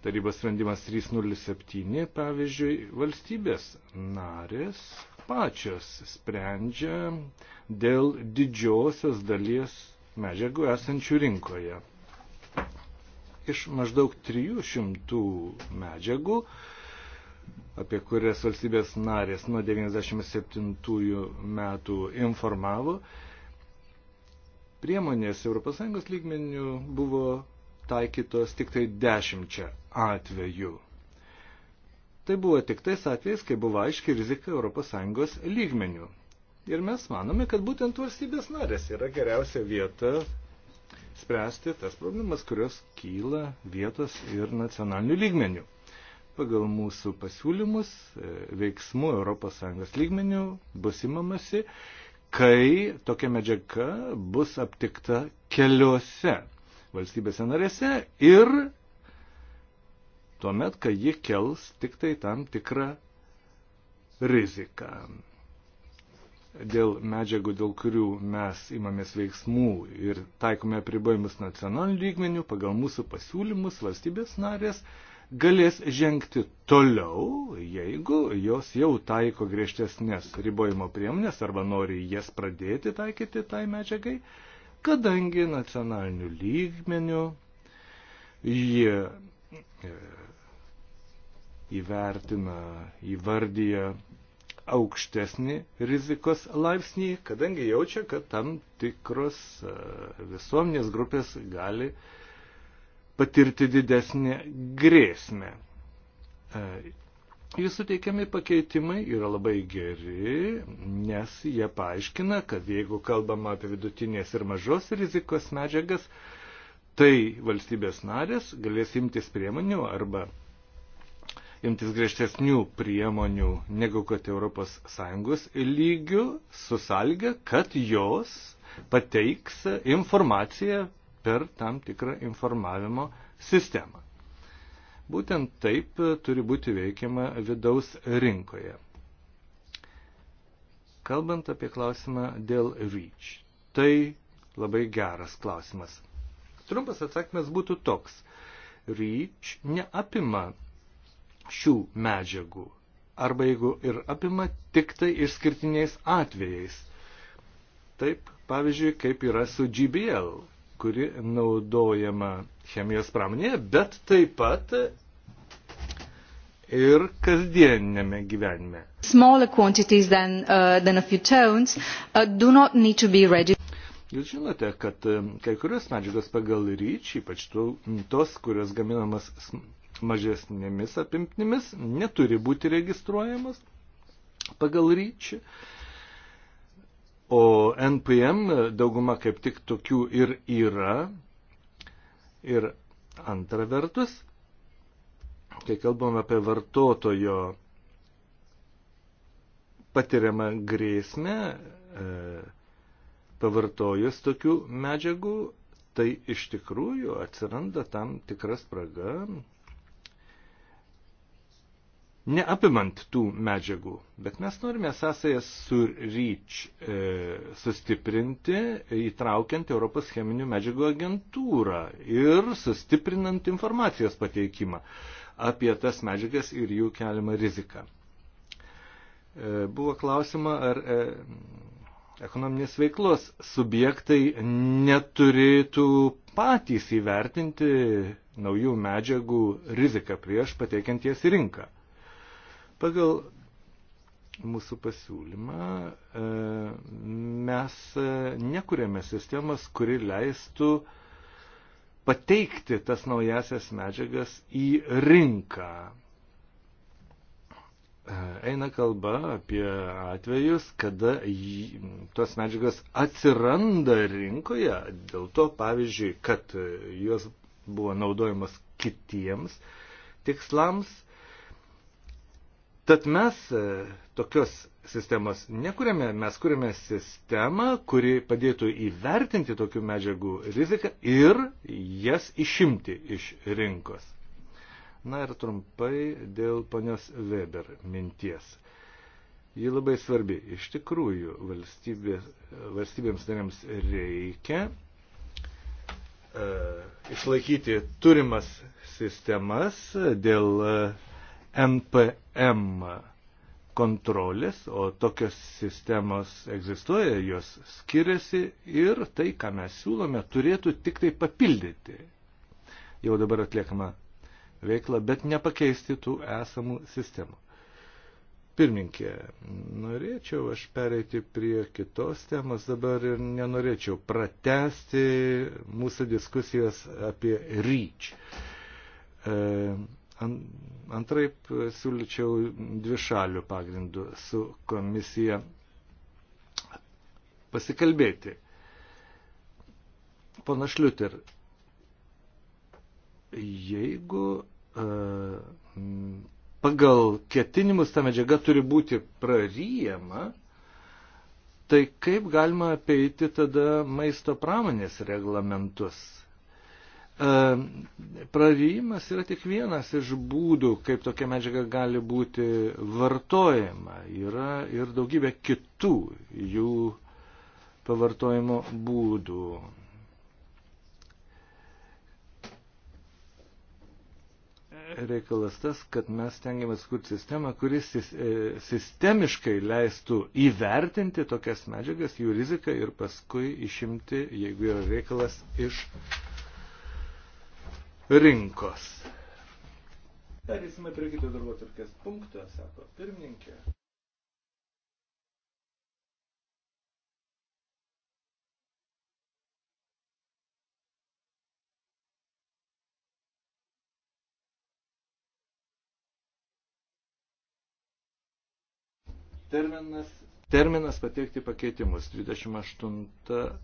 tarybos sprendimas 307, pavyzdžiui, valstybės narės pačios sprendžia dėl didžiosios dalies medžiagų esančių rinkoje. Iš maždaug 300 medžiagų apie kurias valstybės narės nuo 1997 metų informavo, priemonės ES lygmenių buvo taikytos tik tai dešimčia atvejų. Tai buvo tik tais atvejais, kai buvo aiški rizika ES lygmenių. Ir mes manome, kad būtent valstybės narės yra geriausia vieta spręsti tas problemas, kurios kyla vietos ir nacionalinių lygmenių pagal mūsų pasiūlymus e, veiksmų ES lygmenių bus imamasi, kai tokia medžiaga bus aptikta keliuose valstybėse narėse ir tuomet, kai ji kels tik tai tam tikrą riziką. Dėl medžiagų, dėl kurių mes imamės veiksmų ir taikome pribojimus nacionalinių lygmenių, pagal mūsų pasiūlymus valstybės narės galės žengti toliau, jeigu jos jau taiko griežtesnės ribojimo priemonės arba nori jas pradėti taikyti tai medžiagai, kadangi nacionaliniu lygmeniu jie e, įvertina, įvardyja aukštesnį rizikos laipsnį, kadangi jaučia, kad tam tikros e, visuomenės grupės gali uh, patirti didesnį grėsmę. E, Jis suteikiami pakeitimai yra labai geri, nes jie paaiškina, kad jeigu kalbama apie vidutinės ir mažos rizikos medžiagas, tai valstybės narės galės imtis priemonių arba imtis griežtesnių priemonių negu kad ES lygių su sąlyga, kad jos pateiks informaciją per tam tikrą informavimo sistemą. Būtent taip e, turi būti veikiama vidaus rinkoje. Kalbant apie klausimą dėl REACH, tai labai geras klausimas. Trumpas atsakymas būtų toks. REACH neapima šių medžiagų. Arba jeigu ir apima tik tai išskirtiniais atvejais. Taip, pavyzdžiui, kaip yra su GBL kuri naudojama chemijos pramonėje, bet taip pat ir kasdienėme gyvenime. Than, uh, than tones, uh, Jūs žinote, kad um, kai kurios medžiagos pagal ryčį, ypač tos, kurios gaminamas mažesnėmis apimtimis, neturi būti registruojamos pagal ryčį. Uh, O NPM dauguma kaip tik tokių ir yra. Ir antra vertus, kai kalbam apie vartotojo patiriamą grėsmę, e, pavartojus tokių medžiagų, tai iš tikrųjų atsiranda tam tikra spraga neapimant tų medžiagų, bet mes norime sąsajas su REACH e, sustiprinti, įtraukiant Europos cheminių medžiagų agentūrą ir sustiprinant informacijos pateikimą apie tas medžiagas ir jų keliamą riziką. E, buvo klausima, ar e, ekonominės veiklos subjektai neturėtų patys įvertinti naujų medžiagų riziką prieš pateikiant jas į rinką. Pagal mūsų pasiūlymą e, mes e, nekuriame sistemas, kuri leistų pateikti tas naujasias medžiagas į rinką. E, eina kalba apie atvejus, kada tos medžiagas atsiranda rinkoje, dėl to pavyzdžiui, kad jos buvo naudojamas kitiems tikslams Tad mes e, tokios sistemos nekuriame, mes kuriame sistemą, kuri padėtų įvertinti tokių medžiagų riziką ir jas išimti iš rinkos. Na ir trumpai dėl ponios Weber minties. Ji labai svarbi. Iš tikrųjų, valstybė, valstybėms narėms reikia e, išlaikyti turimas sistemas dėl e, NPM kontrolės, o tokios sistemos egzistuoja, jos skiriasi ir tai, ką mes siūlome, turėtų tik tai papildyti jau dabar atliekamą veiklą, bet nepakeisti tų esamų sistemų. Pirminkė, norėčiau aš pereiti prie kitos temos dabar ir nenorėčiau pratesti mūsų diskusijos apie REACH. E, an, Antraip e, siūlyčiau dvi šalių pagrindų su komisija pasikalbėti. Pana Šliuter, jeigu e, pagal ketinimus ta medžiaga turi būti praryjama, tai kaip galima apeiti tada maisto pramonės reglamentus? E, Prarijimas yra tik vienas iš būdų, kaip tokia medžiaga gali būti vartojama. Yra ir daugybė kitų jų pavartojimo būdų. Reikalas tas, kad mes tengiamės kurti sistemą, kuris e, sistemiškai leistų įvertinti tokias medžiagas, jų riziką ir paskui išimti, jeigu yra reikalas, iš rinkos. Perėsime prie kito darbo turkės punkto, sako pirmininkė. Terminas, terminas pateikti pakeitimus 28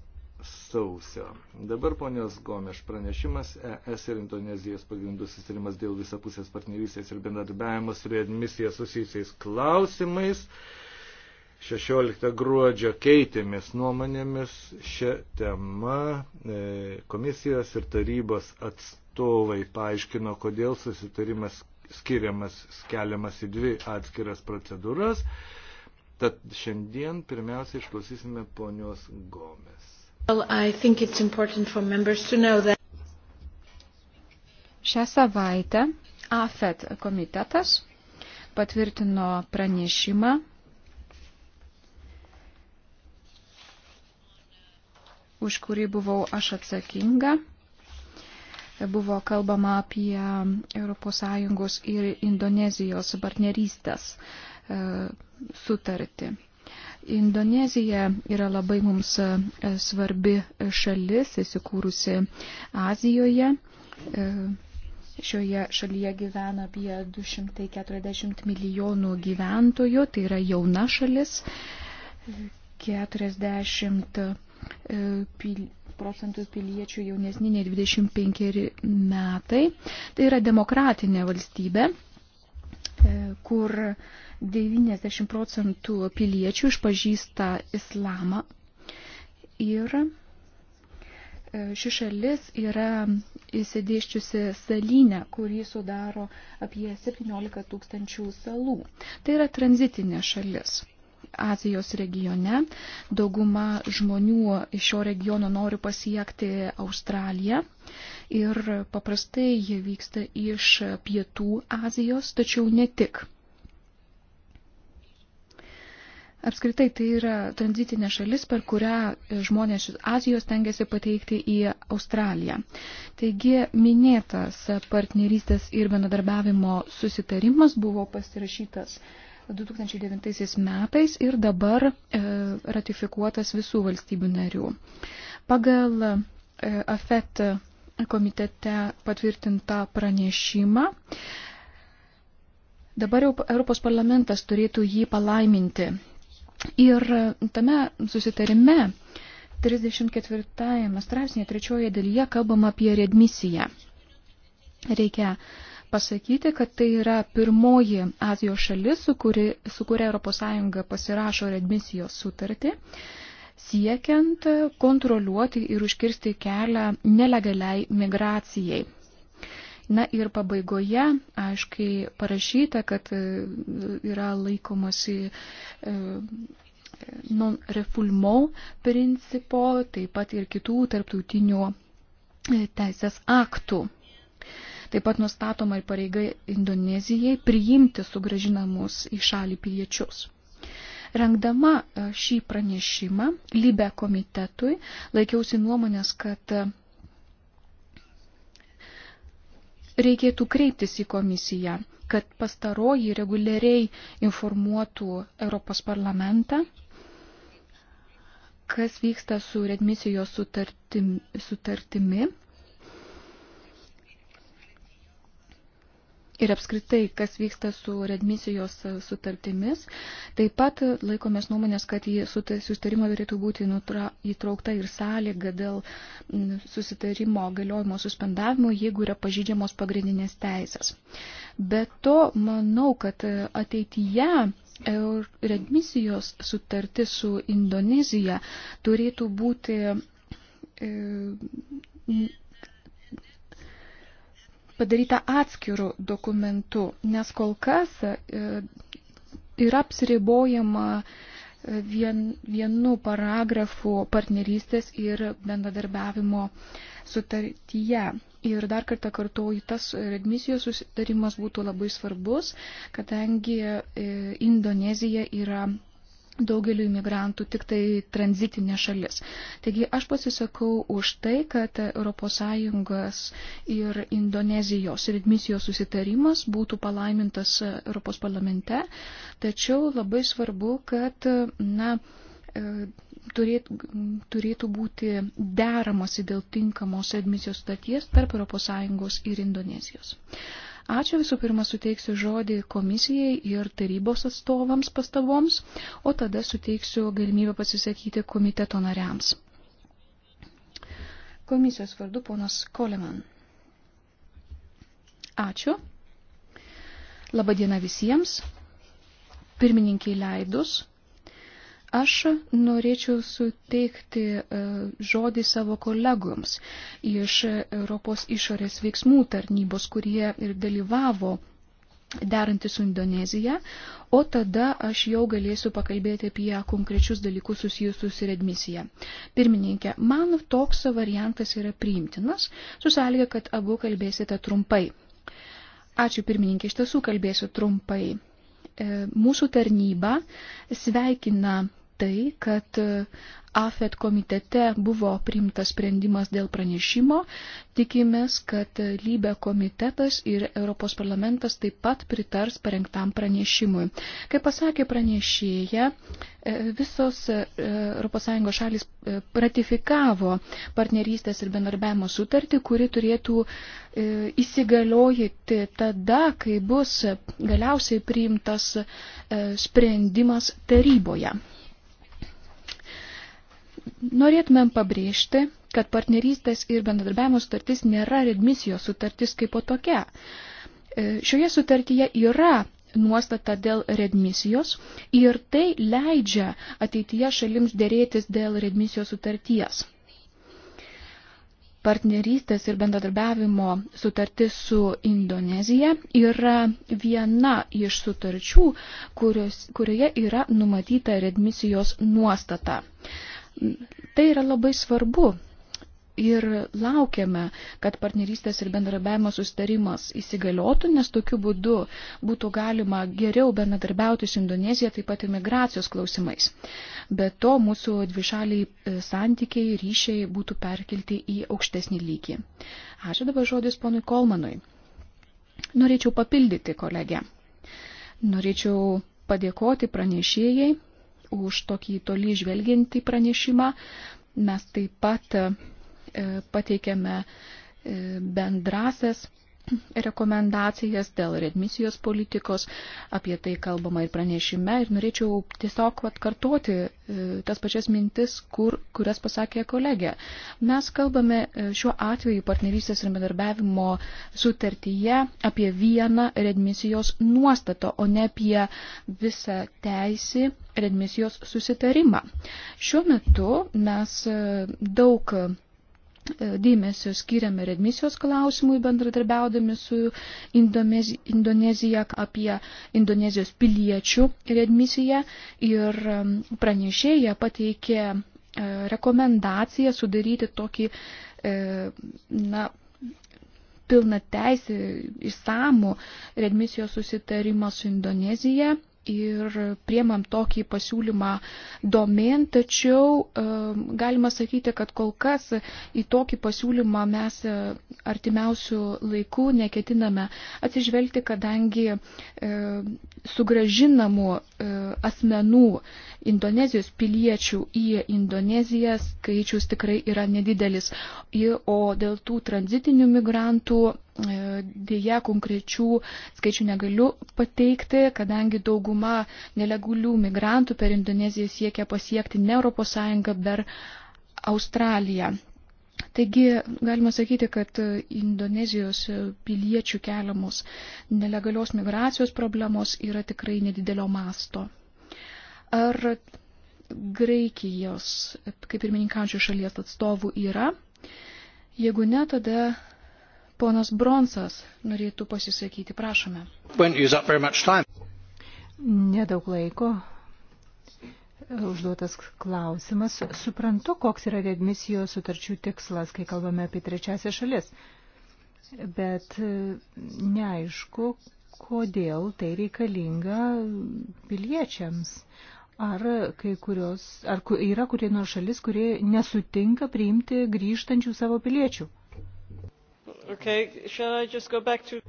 sausio. Dabar ponios Gomeš pranešimas ES ir Indonezijos pagrindų sustarimas dėl visapusės partnerystės ir bendradarbiavimo su readmisija susijusiais klausimais. 16 gruodžio keitėmis nuomonėmis šią temą e, komisijos ir tarybos atstovai paaiškino, kodėl susitarimas skiriamas, skeliamas į dvi atskiras procedūras. Tad šiandien pirmiausia išklausysime ponios Gomes. Well, that... Šią savaitę AFET komitetas patvirtino pranešimą už kurį buvau aš atsakinga. Buvo kalbama apie ES ir Indonezijos partnerystės e, sutartį. Indonezija yra labai mums e, svarbi šalis, įsikūrusi Azijoje. E, šioje šalyje gyvena apie 240 milijonų gyventojų, tai yra jauna šalis, 40 e, procentų piliečių jaunesni nei 25 metai. Tai yra demokratinė valstybė, kur 90 procentų piliečių išpažįsta islamą ir e, ši šalis yra įsidėščiusi salinę, kurį sudaro apie 17 tūkstančių salų. Tai yra tranzitinė šalis. Azijos regione dauguma žmonių iš šio regiono nori pasiekti Australiją ir paprastai jie vyksta iš pietų Azijos, tačiau ne tik. Apskritai tai yra tranzitinė šalis, per kurią žmonės iš Azijos tengiasi pateikti į Australiją. Taigi minėtas partnerystės ir bendradarbiavimo susitarimas buvo pasirašytas 2009 metais ir dabar e, ratifikuotas visų valstybių narių. Pagal e, AFET komitete patvirtintą pranešimą Dabar jau Europos parlamentas turėtų jį palaiminti Ir tame susitarime 34 straipsnėje trečioje dalyje kalbama apie redmisiją. Reikia pasakyti, kad tai yra pirmoji Azijos šalis, su, kuri, su kuria ES pasirašo redmisijos sutartį, siekiant kontroliuoti ir užkirsti kelią nelegaliai migracijai. Na ir pabaigoje, aiškiai parašyta, kad e, yra laikomasi e, non-refulmo principo, taip pat ir kitų tarptautinių e, teisės aktų. Taip pat nustatoma ir pareiga Indonezijai priimti sugražinamus į šalį piliečius. Rengdama šį pranešimą Libe komitetui laikiausi nuomonės, kad reikėtų kreiptis į komisiją, kad pastaroji reguliariai informuotų Europos parlamentą, kas vyksta su redmisijos sutartim, sutartimi ir apskritai, kas vyksta su redmisijos sutartimis. Taip pat laikomės nuomonės, kad į susitarimą turėtų būti nutra, įtraukta ir sąlyga dėl susitarimo galiojimo suspendavimo, jeigu yra pažydžiamos pagrindinės teisės. Be to, manau, kad ateityje redmisijos sutartis su Indonezija turėtų būti. E, padaryta atskirų dokumentų, nes kol kas e, yra apsiribojama e, vien, vienu paragrafu partnerystės ir bendradarbiavimo sutartyje. Ir dar kartą kartuoju, tas redmisijos susitarimas būtų labai svarbus, kadangi e, Indonezija yra daugeliu imigrantų tik tai tranzitinė šalis. Taigi aš pasisakau už tai, kad ES ir Indonezijos redmisijos susitarimas būtų palaimintas Europos parlamente, tačiau labai svarbu, kad na, e, turėtų, turėtų būti deramasi dėl tinkamos admisijos staties tarp ES ir Indonezijos. Ačiū visų pirma suteiksiu žodį komisijai ir tarybos atstovams pastaboms, o tada suteiksiu galimybę pasisakyti komiteto nariams. Komisijos vardu ponas Koleman. Ačiū. Labadiena visiems. Pirmininkiai leidus. Aš norėčiau suteikti e, žodį savo kolegoms iš Europos išorės veiksmų tarnybos, kurie ir dalyvavo derantį su Indonezija, o tada aš jau galėsiu pakalbėti apie konkrečius dalykus susijusius ir admisiją. Pirmininkė, man toks variantas yra priimtinas, su sąlyga, kad abu kalbėsite trumpai. Ačiū pirmininkė, iš tiesų kalbėsiu trumpai. E, mūsų tarnyba sveikina tai, kad e, AFET komitete buvo priimtas sprendimas dėl pranešimo. Tikimės, kad e, lybė komitetas ir Europos parlamentas taip pat pritars parengtam pranešimui. Kaip pasakė pranešėja, e, visos ES šalis ratifikavo partnerystės ir bendarbiavimo sutartį, kuri turėtų įsigaliojyti tada, kai bus galiausiai priimtas sprendimas taryboje norėtumėm pabrėžti, kad partnerystės ir bendradarbiavimo sutartis nėra redmisijos sutartis kaip po tokia. E, šioje sutartyje yra nuostata dėl redmisijos ir tai leidžia ateityje šalims dėrėtis dėl redmisijos sutarties. Partnerystės ir bendradarbiavimo sutartis su Indonezija yra viena iš sutarčių, kurios, kurioje yra numatyta redmisijos nuostata. Uh, Tai yra labai svarbu. Ir laukiame, kad partnerystės ir bendrabiavimo sustarimas įsigaliotų, nes tokiu būdu būtų galima geriau bendradarbiauti su Indonezija, taip pat ir migracijos klausimais. Be to, mūsų dvišaliai e, santykiai ryšiai būtų perkelti į aukštesnį lygį. Ačiū dabar žodis ponui Kolmanui. Norėčiau papildyti kolegę. Norėčiau padėkoti pranešėjai už tokį toli žvelgiantį pranešimą. Mes taip pat e, pateikėme e, bendrasias rekomendacijas dėl redmisijos politikos, apie tai kalbama ir pranešime ir norėčiau tiesiog atkartoti e, tas pačias mintis, kur, kurias pasakė kolegė. Mes kalbame e, šiuo atveju partnerystės ir medarbiavimo sutartyje apie vieną redmisijos nuostatą, o ne apie visą teisį redmisijos susitarimą. Šiuo metu mes e, daug E, dėmesio skiriame redmisijos klausimui bendradarbiaudami su Indonezija apie Indonezijos piliečių redmisiją ir pranešėja pateikė e, rekomendaciją sudaryti tokį e, na, pilna teisė įsamų redmisijos susitarimą su Indonezija ir priemam tokį pasiūlymą domen, tačiau e, galima sakyti, kad kol kas į tokį pasiūlymą mes e, artimiausių laikų neketiname atsižvelgti, kadangi e, sugražinamų asmenų Indonezijos piliečių į Indoneziją skaičius tikrai yra nedidelis, o dėl tų tranzitinių migrantų e, dėja konkrečių skaičių negaliu pateikti, kadangi dauguma nelegalių migrantų per Indoneziją siekia pasiekti ne ES, bet Australiją. Taigi galima sakyti, kad Indonezijos piliečių keliamos nelegalios migracijos problemos yra tikrai nedidelio masto. Ar Graikijos, kaip pirmininkančių šalies atstovų, yra? Jeigu ne, tada ponas Bronsas norėtų pasisakyti. Prašome. Nedaug laiko. Užduotas klausimas. Suprantu, koks yra readmisijos sutarčių tikslas, kai kalbame apie trečiasią šalis. Bet e, neaišku, kodėl tai reikalinga piliečiams. Ar, kai kurios, ar yra kurie nors šalis, kurie nesutinka priimti grįžtančių savo piliečių? Okay, to...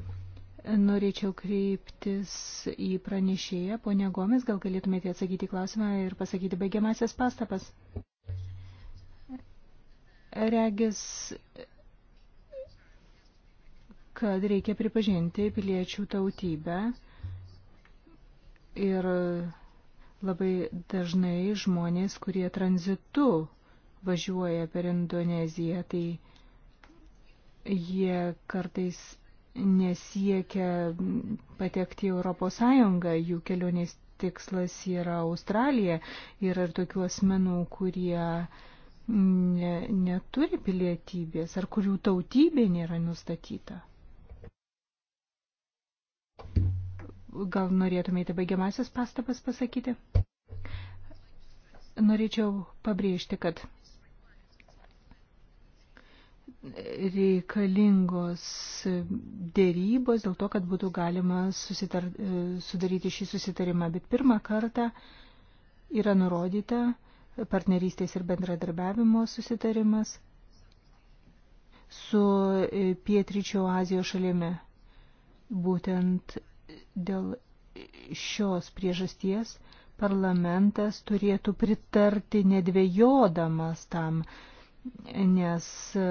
Norėčiau kreiptis į pranešėją, ponė Gomis, gal galėtumėte atsakyti klausimą ir pasakyti baigiamasias pastabas. Regis, kad reikia pripažinti piliečių tautybę ir Labai dažnai žmonės, kurie tranzitu važiuoja per Indoneziją, tai jie kartais nesiekia patekti į Europos Sąjungą, jų kelionės tikslas yra Australija. Yra ir tokių asmenų, kurie ne, neturi pilietybės ar kurių tautybė nėra nustatyta. gal norėtumėte baigiamasis pastabas pasakyti? Norėčiau pabrėžti, kad reikalingos dėrybos dėl to, kad būtų galima susitar, sudaryti šį susitarimą. Bet pirmą kartą yra nurodyta partnerystės ir bendradarbiavimo susitarimas su Pietryčio Azijos šalimi. Būtent Dėl šios priežasties parlamentas turėtų pritarti nedvėjodamas tam, nes e,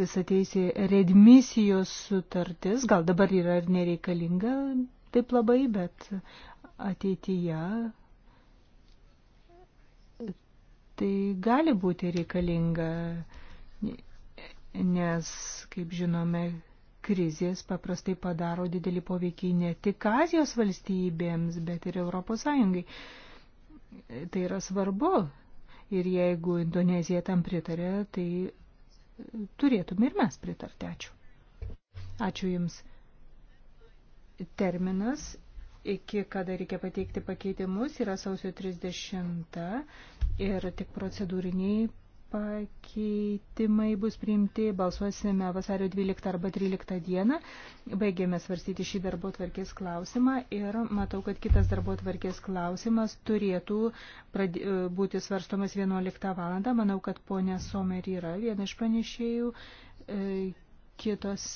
visą teisė redmisijos sutartis gal dabar yra ir nereikalinga taip labai, bet ateityje tai gali būti reikalinga, nes, kaip žinome, krizės paprastai padaro didelį poveikį ne tik Azijos valstybėms, bet ir Europos Sąjungai. Tai yra svarbu. Ir jeigu Indonezija tam pritarė, tai turėtume ir mes pritarti. Ačiū. Ačiū Jums. Terminas, iki kada reikia pateikti pakeitimus, yra sausio 30 ir tik procedūriniai pakeitimai bus priimti, balsuosime vasario 12 arba 13 dieną. Baigėme svarstyti šį darbo tvarkės klausimą ir matau, kad kitas darbo tvarkės klausimas turėtų prad... E, būti svarstomas 11 valandą. Manau, kad ponė Somer yra viena iš pranešėjų, e, kitos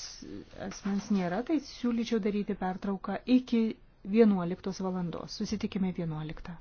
asmens nėra, tai siūlyčiau daryti pertrauką iki 11 valandos. Susitikime 11.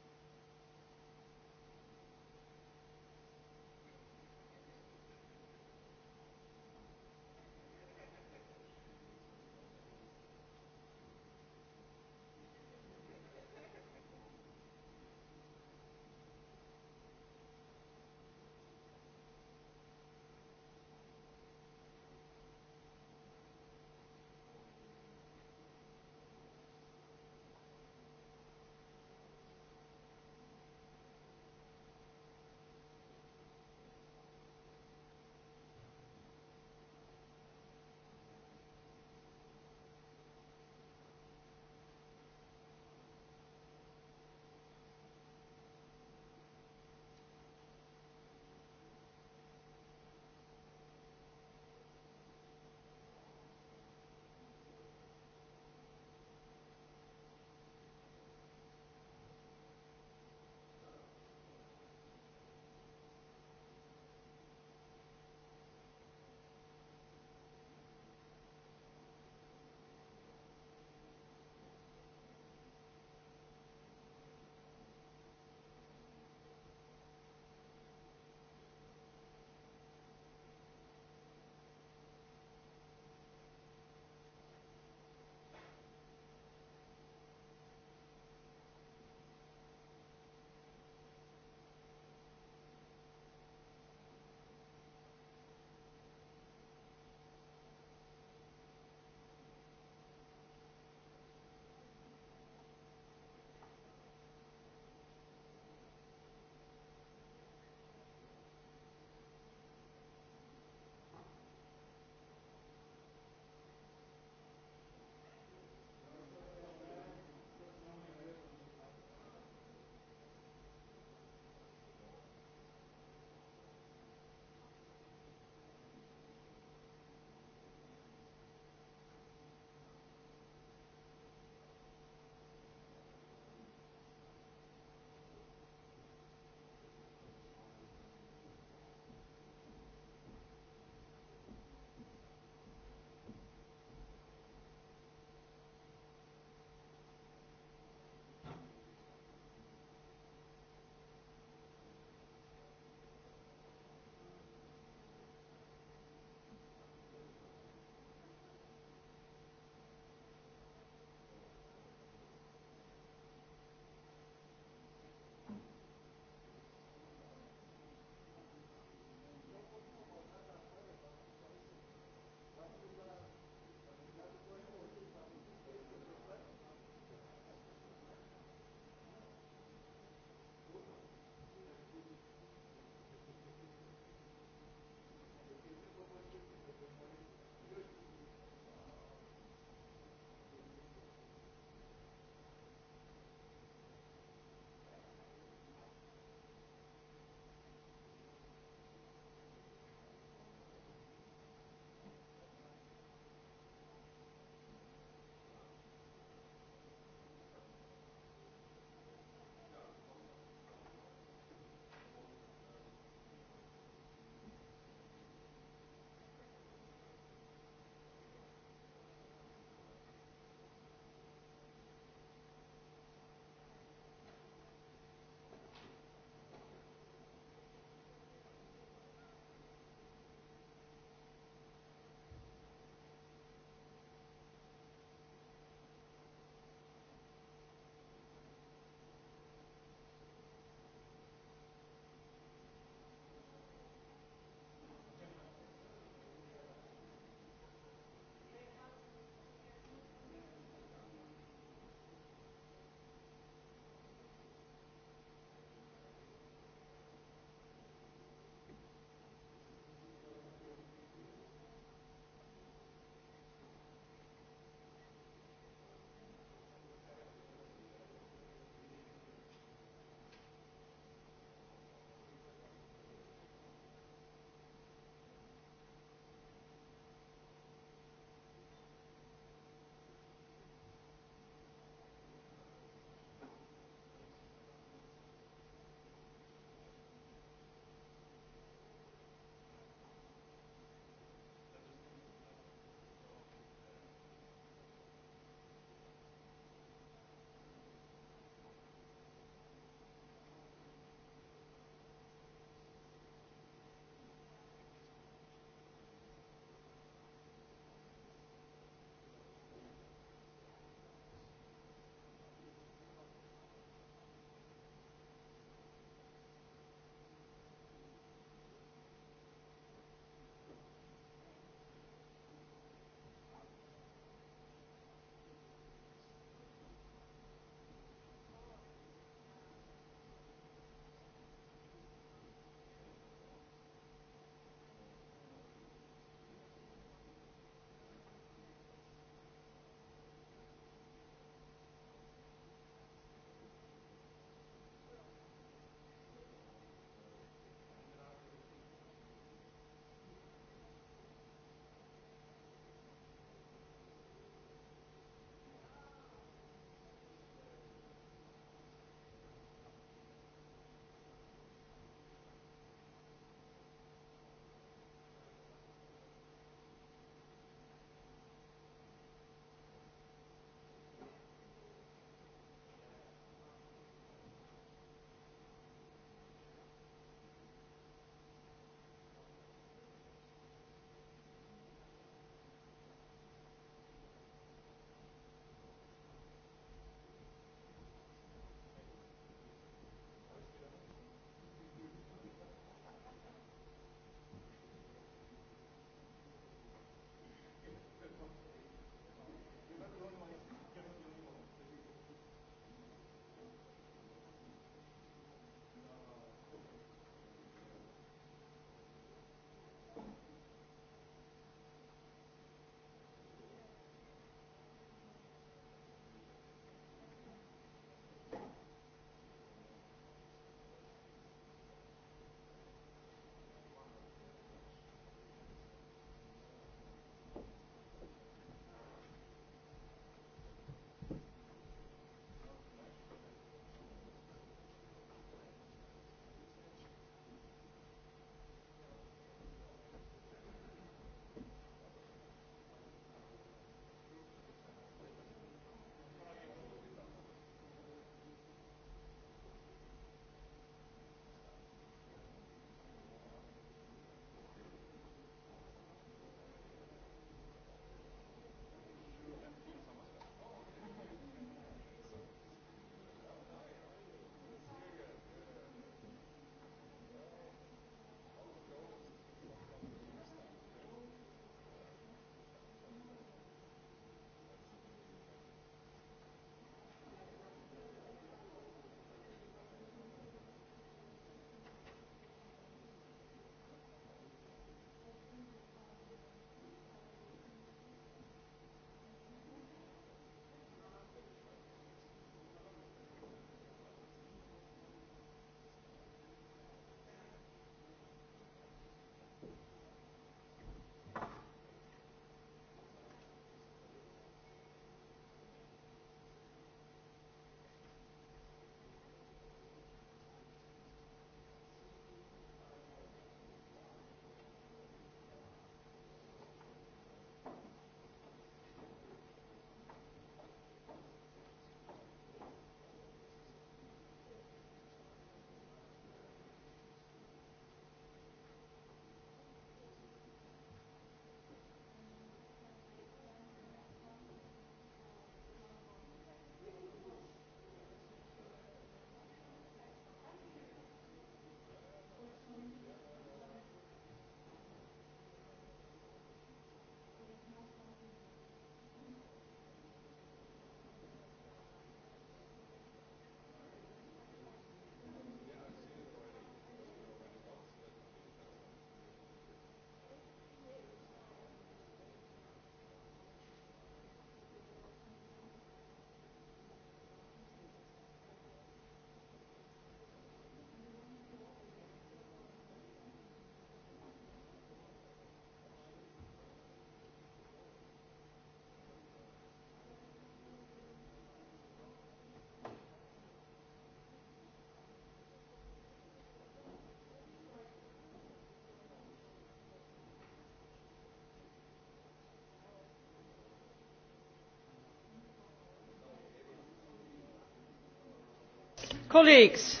Colleagues,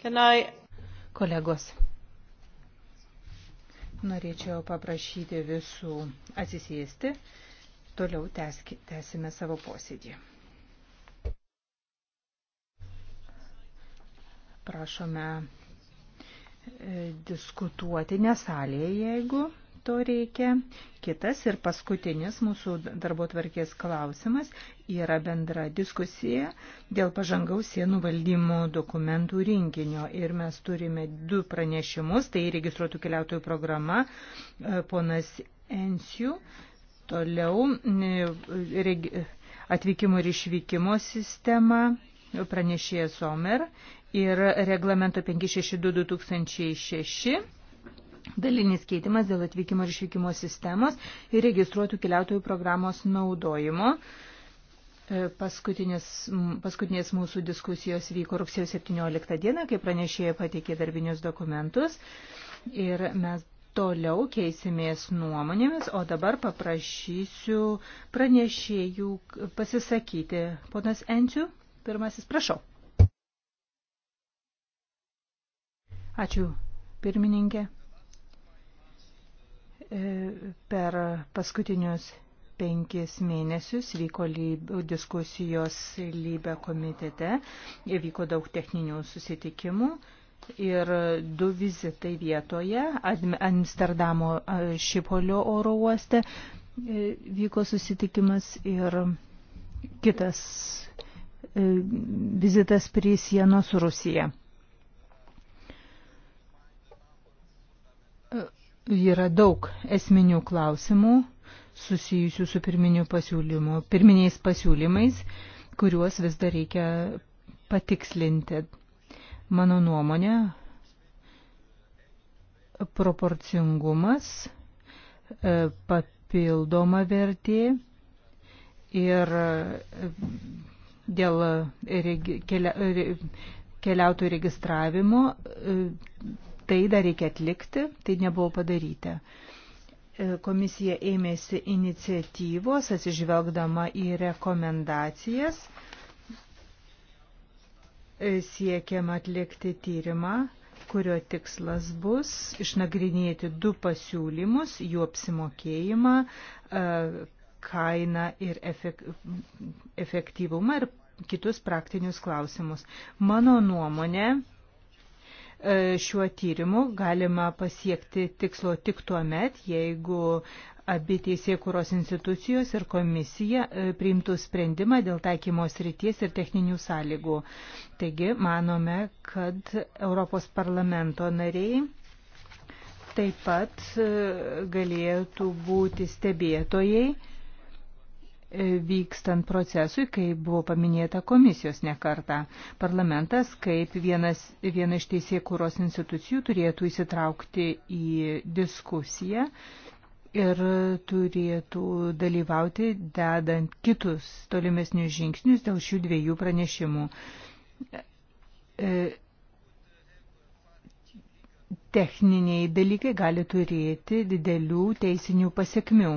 can I... Kolegos, norėčiau paprašyti visų atsisėsti. Toliau tęsime savo posėdį. Prašome e, diskutuoti nesalėje, jeigu to reikia. Kitas ir paskutinis mūsų darbo tvarkės klausimas yra bendra diskusija dėl pažangaus sienų valdymo dokumentų rinkinio. Ir mes turime du pranešimus, tai registruotų keliautojų programa, e, ponas Ensiu, toliau e, atvykimo ir išvykimo sistema, pranešėjas Omer ir reglamento 562 2006 dalinis keitimas dėl atvykimo ir išvykimo sistemos ir registruotų keliautojų programos naudojimo. E, paskutinės, paskutinės mūsų diskusijos vyko rugsėjo 17 dieną, kai pranešėjai pateikė darbinius dokumentus ir mes toliau keisimės nuomonėmis, o dabar paprašysiu pranešėjų pasisakyti. Ponas Enčių, pirmasis, prašau. Ačiū, pirmininkė. E, per paskutinius penkis mėnesius vyko diskusijos lybe komitete, vyko daug techninių susitikimų ir du vizitai vietoje, Amsterdamo Šipolio oro uoste e, vyko susitikimas ir kitas e, vizitas prie sienos Rusija. yra daug esminių klausimų susijusių su pirminiu pasiūlymu, pirminiais pasiūlymais, kuriuos vis dar reikia patikslinti. Mano nuomonė, proporcingumas, e, papildoma vertė ir e, dėl keliautojų registravimo e, tai dar reikia atlikti, tai nebuvo padaryta. E, komisija ėmėsi iniciatyvos, atsižvelgdama į rekomendacijas, e, siekiam atlikti tyrimą, kurio tikslas bus išnagrinėti du pasiūlymus, jų apsimokėjimą, e, kainą ir efektyvumą ir kitus praktinius klausimus. Mano nuomonė, E, šiuo tyrimu galima pasiekti tikslo tik tuo met, jeigu abi teisėkuros institucijos ir komisija e, priimtų sprendimą dėl taikymos ryties ir techninių sąlygų. Taigi, manome, kad Europos parlamento nariai taip pat e, galėtų būti stebėtojai vykstant procesui, kaip buvo paminėta komisijos nekarta. Parlamentas, kaip vienas, viena iš teisėkūros institucijų, turėtų įsitraukti į diskusiją ir turėtų dalyvauti dedant kitus tolimesnius žingsnius dėl šių dviejų pranešimų. E, techniniai dalykai gali turėti didelių teisinių pasiekmių.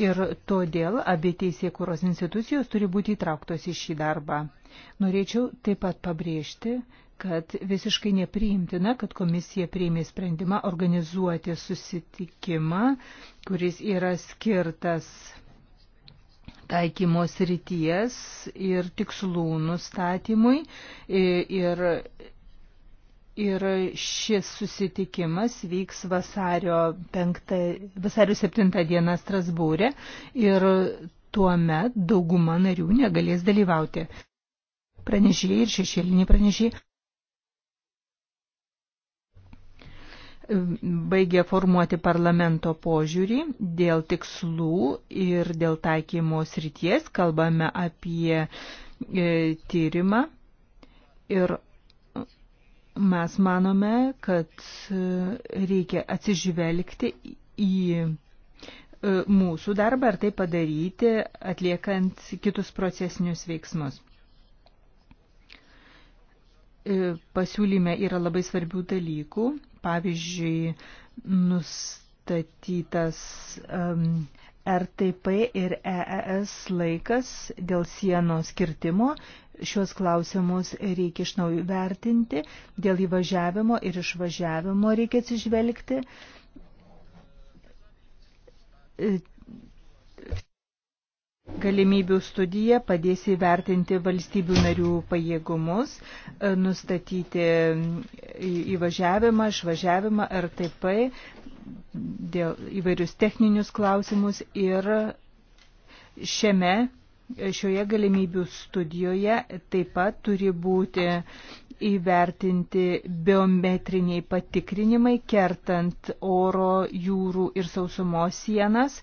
Ir todėl abi teisėkūros institucijos turi būti įtrauktos į šį darbą. Norėčiau taip pat pabrėžti, kad visiškai nepriimtina, kad komisija priėmė sprendimą organizuoti susitikimą, kuris yra skirtas taikymos ryties ir tikslų nustatymui ir Ir šis susitikimas vyks vasario, 5, vasario 7 dieną Strasbūrė ir tuo met dauguma narių negalės dalyvauti. Pranešėjai ir šešėliniai pranešėjai. Baigė formuoti parlamento požiūrį dėl tikslų ir dėl taikymo srities. Kalbame apie e, tyrimą ir Mes manome, kad e, reikia atsižvelgti į e, mūsų darbą ir tai padaryti atliekant kitus procesinius veiksmus. E, pasiūlyme yra labai svarbių dalykų, pavyzdžiui, nustatytas um, RTP ir EES laikas dėl sienos kirtimo šios klausimus reikia iš naujo vertinti, dėl įvažiavimo ir išvažiavimo reikia atsižvelgti. Galimybių studija padės įvertinti valstybių narių pajėgumus, nustatyti įvažiavimą, išvažiavimą ir taip pat dėl įvairius techninius klausimus ir šiame šioje galimybių studijoje taip pat turi būti įvertinti biometriniai patikrinimai, kertant oro, jūrų ir sausumos sienas.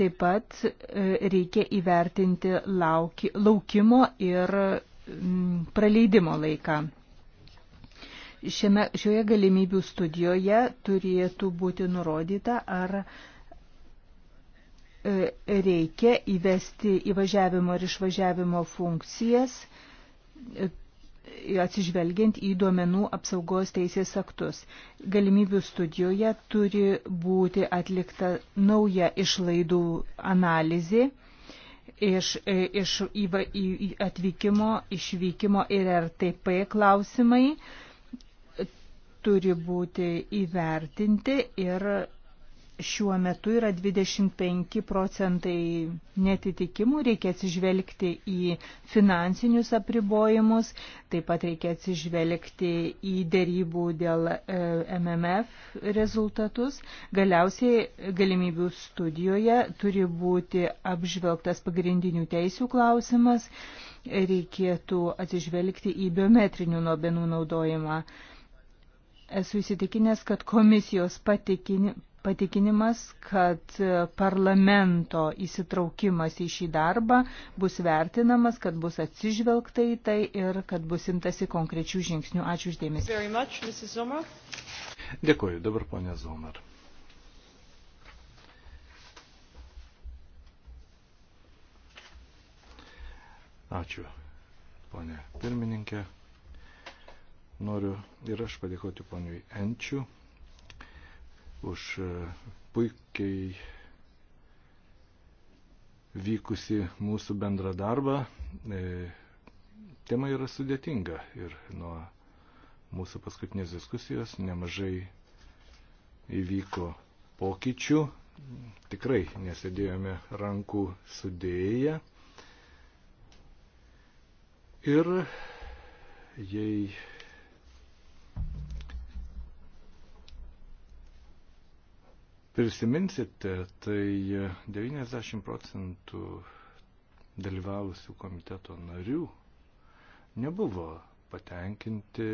Taip pat e, reikia įvertinti lauki, laukimo ir m, praleidimo laiką. Šiame, šioje galimybių studijoje turėtų būti nurodyta, ar E, reikia įvesti įvažiavimo ir išvažiavimo funkcijas, e, atsižvelgiant į duomenų apsaugos teisės aktus. Galimybių studijoje turi būti atlikta nauja išlaidų analizė iš, e, iš įva, į, atvykimo, išvykimo ir RTP klausimai turi būti įvertinti ir šiuo metu yra 25 procentai netitikimų, reikia atsižvelgti į finansinius apribojimus, taip pat reikia atsižvelgti į dėrybų dėl e, MMF rezultatus. Galiausiai galimybių studijoje turi būti apžvelgtas pagrindinių teisių klausimas, reikėtų atsižvelgti į biometrinių nuobenų naudojimą esu įsitikinęs, kad komisijos patikin, patikinimas, kad parlamento įsitraukimas į šį darbą bus vertinamas, kad bus atsižvelgta į tai ir kad bus imtasi konkrečių žingsnių. Ačiū uždėmesį. Dėkuoju. Dabar ponė Zomar. Ačiū, ponė pirmininkė. Noriu ir aš padėkoti poniui Enčiu už e, puikiai vykusi mūsų bendrą darbą. E, tema yra sudėtinga ir nuo mūsų paskutinės diskusijos nemažai įvyko pokyčių. Tikrai nesėdėjome rankų sudėję. Ir jei prisiminsite, tai 90 procentų dalyvavusių komiteto narių nebuvo patenkinti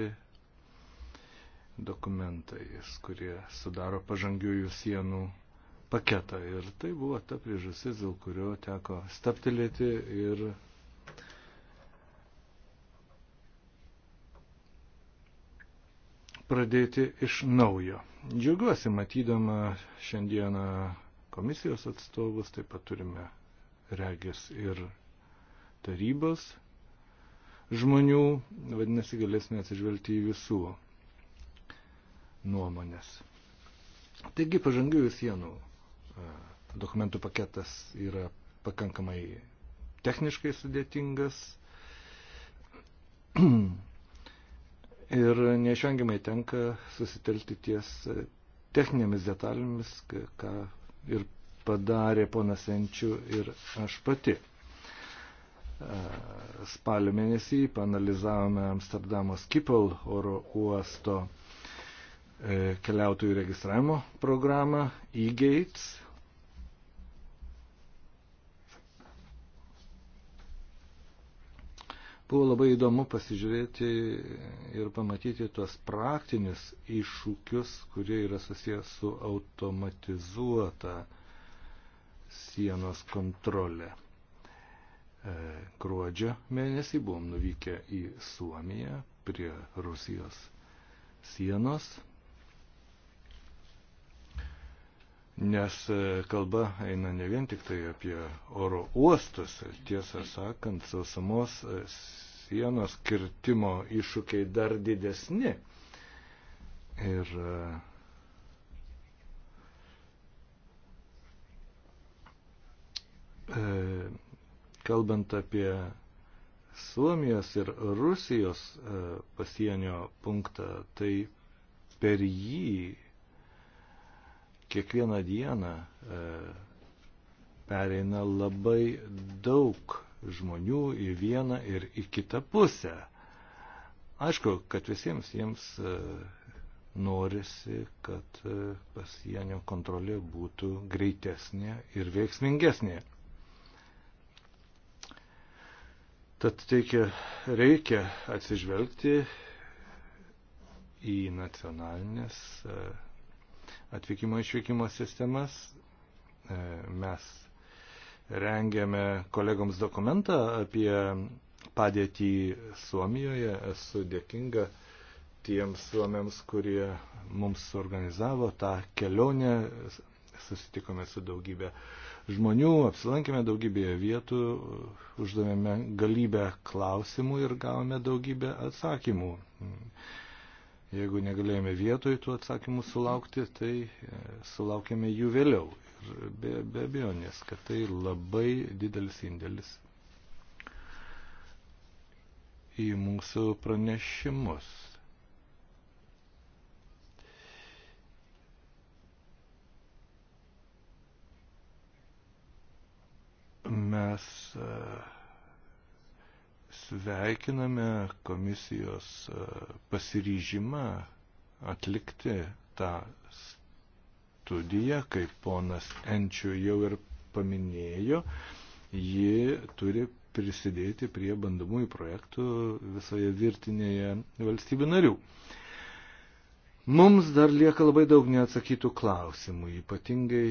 dokumentais, kurie sudaro pažangiųjų sienų paketą. Ir tai buvo ta priežasis, dėl kurio teko staptelėti ir pradėti iš naujo. Džiaugiuosi matydama šiandieną komisijos atstovus, taip pat turime regis ir tarybos žmonių, vadinasi, galėsime atsižvelgti į visų nuomonės. Taigi pažangiųjų sienų e, dokumentų paketas yra pakankamai techniškai sudėtingas. [CLEARS THROAT] ir neišvengiamai tenka susitelti ties techninėmis detalėmis, ką ir padarė ponas Enčių ir aš pati. Spalio mėnesį panalizavome Amsterdamo Skipol oro uosto e, keliautojų registravimo programą e-gates Buvo labai įdomu pasižiūrėti ir pamatyti tuos praktinius iššūkius, kurie yra susijęs su automatizuota sienos kontrolė. E, gruodžio mėnesį buvom nuvykę į Suomiją prie Rusijos sienos nes e, kalba eina ne vien tik tai apie oro uostus, tiesą sakant, sausumos e, sienos kirtimo iššūkiai dar didesni. Ir e, kalbant apie Suomijos ir Rusijos pasienio punktą, tai per jį kiekvieną dieną e, pereina labai daug žmonių į vieną ir į kitą pusę. Aišku, kad visiems jiems e, norisi, kad e, pasienio kontrolė būtų greitesnė ir veiksmingesnė. Tad teikia, reikia atsižvelgti į nacionalinės e, atvykimo išvykimo sistemas. E, mes rengėme kolegoms dokumentą apie padėtį Suomijoje. Esu dėkinga tiems suomiams, kurie mums organizavo tą kelionę. Susitikome su daugybė žmonių, apsilankėme daugybėje vietų, uždavėme galybę klausimų ir gavome daugybę atsakymų. Jeigu negalėjome vietoj tų atsakymų sulaukti, tai e, sulaukėme jų vėliau. Ir be, be abejonės, kad tai labai didelis indėlis į mūsų pranešimus. Mes uh, sveikiname komisijos e, pasiryžimą atlikti tą studiją, kaip ponas Enčių jau ir paminėjo, ji turi prisidėti prie bandomųjų projektų visoje virtinėje valstybių narių. Mums dar lieka labai daug neatsakytų klausimų, ypatingai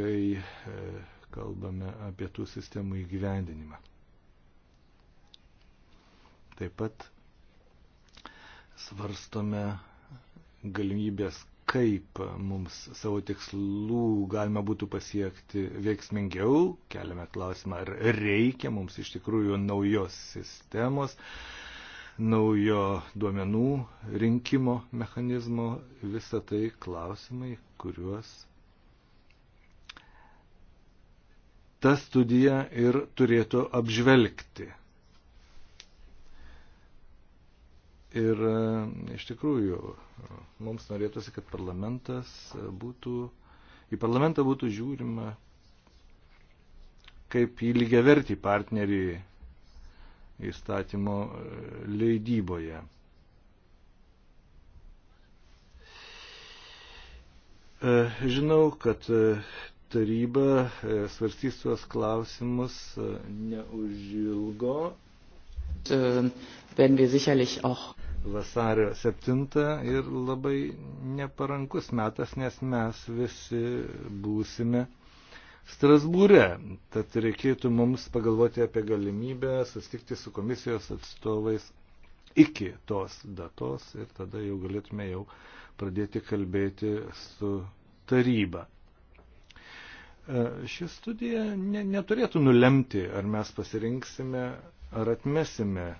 kai e, kalbame apie tų sistemų įgyvendinimą. Taip pat svarstome galimybės, kaip mums savo tikslų galima būtų pasiekti veiksmingiau. Keliame klausimą, ar reikia mums iš tikrųjų naujos sistemos, naujo duomenų rinkimo mechanizmo. Visą tai klausimai, kuriuos ta studija ir turėtų apžvelgti. Ir e, iš tikrųjų, e, mums norėtųsi, kad parlamentas e, būtų, į parlamentą būtų žiūrima kaip į lygiavertį partnerį įstatymo leidyboje. Žinau, kad taryba svarstys tuos klausimus neužilgo äh, werden wir sicherlich auch vasario 7 ir labai neparankus metas, nes mes visi būsime Strasbūre. Tad reikėtų mums pagalvoti apie galimybę sustikti su komisijos atstovais iki tos datos ir tada jau galėtume jau pradėti kalbėti su taryba. E, ši studija ne, neturėtų nulemti, ar mes pasirinksime, ar atmesime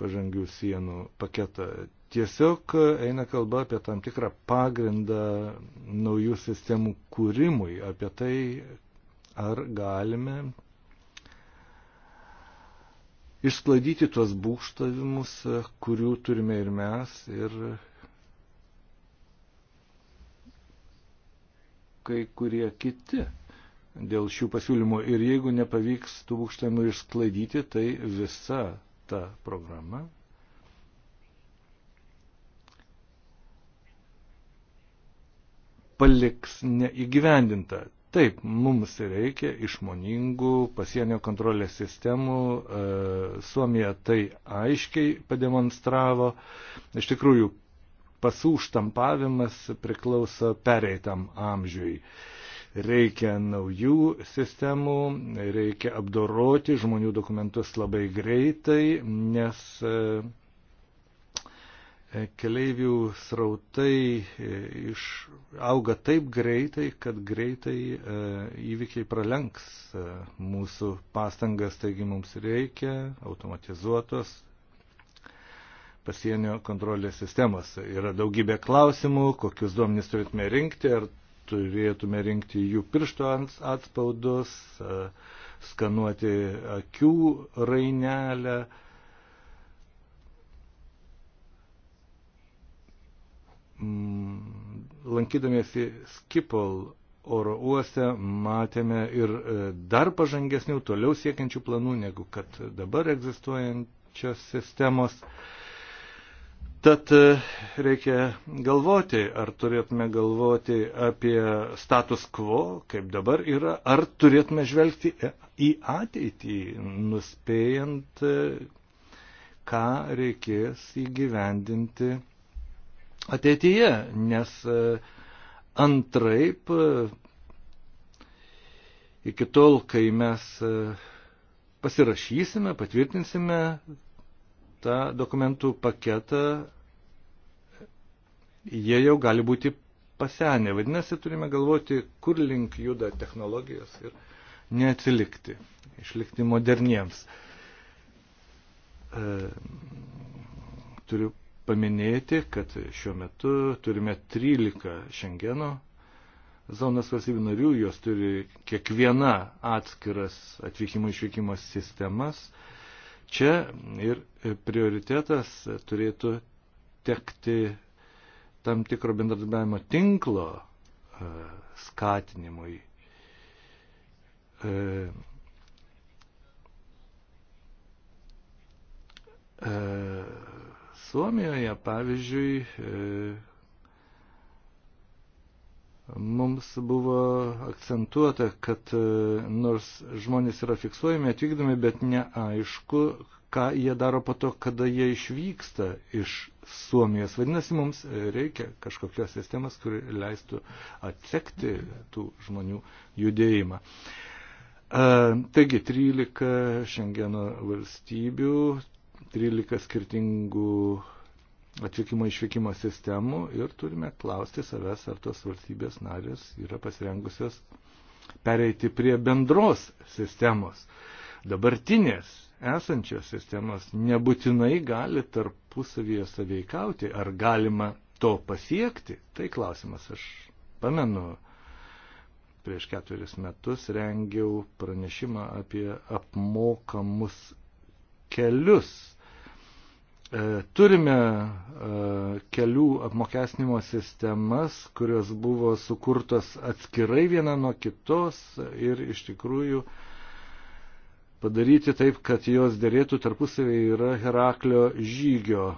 pažangių sienų paketą. Tiesiog eina kalba apie tam tikrą pagrindą naujų sistemų kūrimui, apie tai, ar galime išsklaidyti tuos būkštavimus, kurių turime ir mes, ir kai kurie kiti dėl šių pasiūlymų. Ir jeigu nepavyks tų būkštavimų išsklaidyti, tai visa ta programa. paliks neįgyvendinta. Taip, mums reikia išmoningų pasienio kontrolės sistemų. E, Suomija tai aiškiai pademonstravo. Iš tikrųjų, pasų štampavimas priklauso pereitam amžiui. E, Reikia naujų sistemų, reikia apdoroti žmonių dokumentus labai greitai, nes e, keleivių srautai e, iš, auga taip greitai, kad greitai e, įvykiai pralenks mūsų pastangas, taigi mums reikia automatizuotos pasienio kontrolės sistemos. Yra daugybė klausimų, kokius duomenys turėtume rinkti, ar turėtume rinkti jų piršto atspaudus, e, skanuoti akių rainelę. Mm, Lankydamėsi Skipol oro uoste matėme ir e, dar pažangesnių, toliau siekiančių planų, negu kad dabar egzistuojančios sistemos. Uh, Tad e, reikia galvoti, ar turėtume galvoti apie status quo, kaip dabar yra, ar turėtume žvelgti į ateitį, nuspėjant, e, ką reikės įgyvendinti ateityje, nes e, antraip iki tol, kai mes pasirašysime, patvirtinsime tą dokumentų paketą, jie jau gali būti pasenę. Vadinasi, turime galvoti, kur link juda technologijos ir neatsilikti, išlikti moderniems. E, turiu paminėti, kad šiuo metu turime 13 Šengeno zonas valstybių narių, jos turi kiekviena atskiras atvykimo išvykimo sistemas. Čia ir prioritetas turėtų tekti tam tikro bendradarbiavimo tinklo e, skatinimui. E, e, Suomijoje, pavyzdžiui, mums buvo akcentuota, kad e, nors žmonės yra fiksuojami, atvykdami, bet neaišku, ką jie daro po to, kada jie išvyksta iš Suomijos. Vadinasi, mums reikia kažkokios sistemas, kuri leistų atsekti tų žmonių judėjimą. E, taigi, 13 Šengeno valstybių, 13 skirtingų atvykimo išvykimo sistemų ir turime klausti savęs, ar tos valstybės narės yra pasirengusios pereiti prie bendros sistemos. Dabartinės esančios sistemos nebūtinai gali tarpusavyje saveikauti, ar galima to pasiekti. Tai klausimas, aš pamenu, prieš ketveris metus rengiau pranešimą apie apmokamus kelius E, turime e, kelių apmokesnimo sistemas, kurios buvo sukurtos atskirai viena nuo kitos ir iš tikrųjų padaryti taip, kad jos dėrėtų tarpusavį yra Heraklio žygio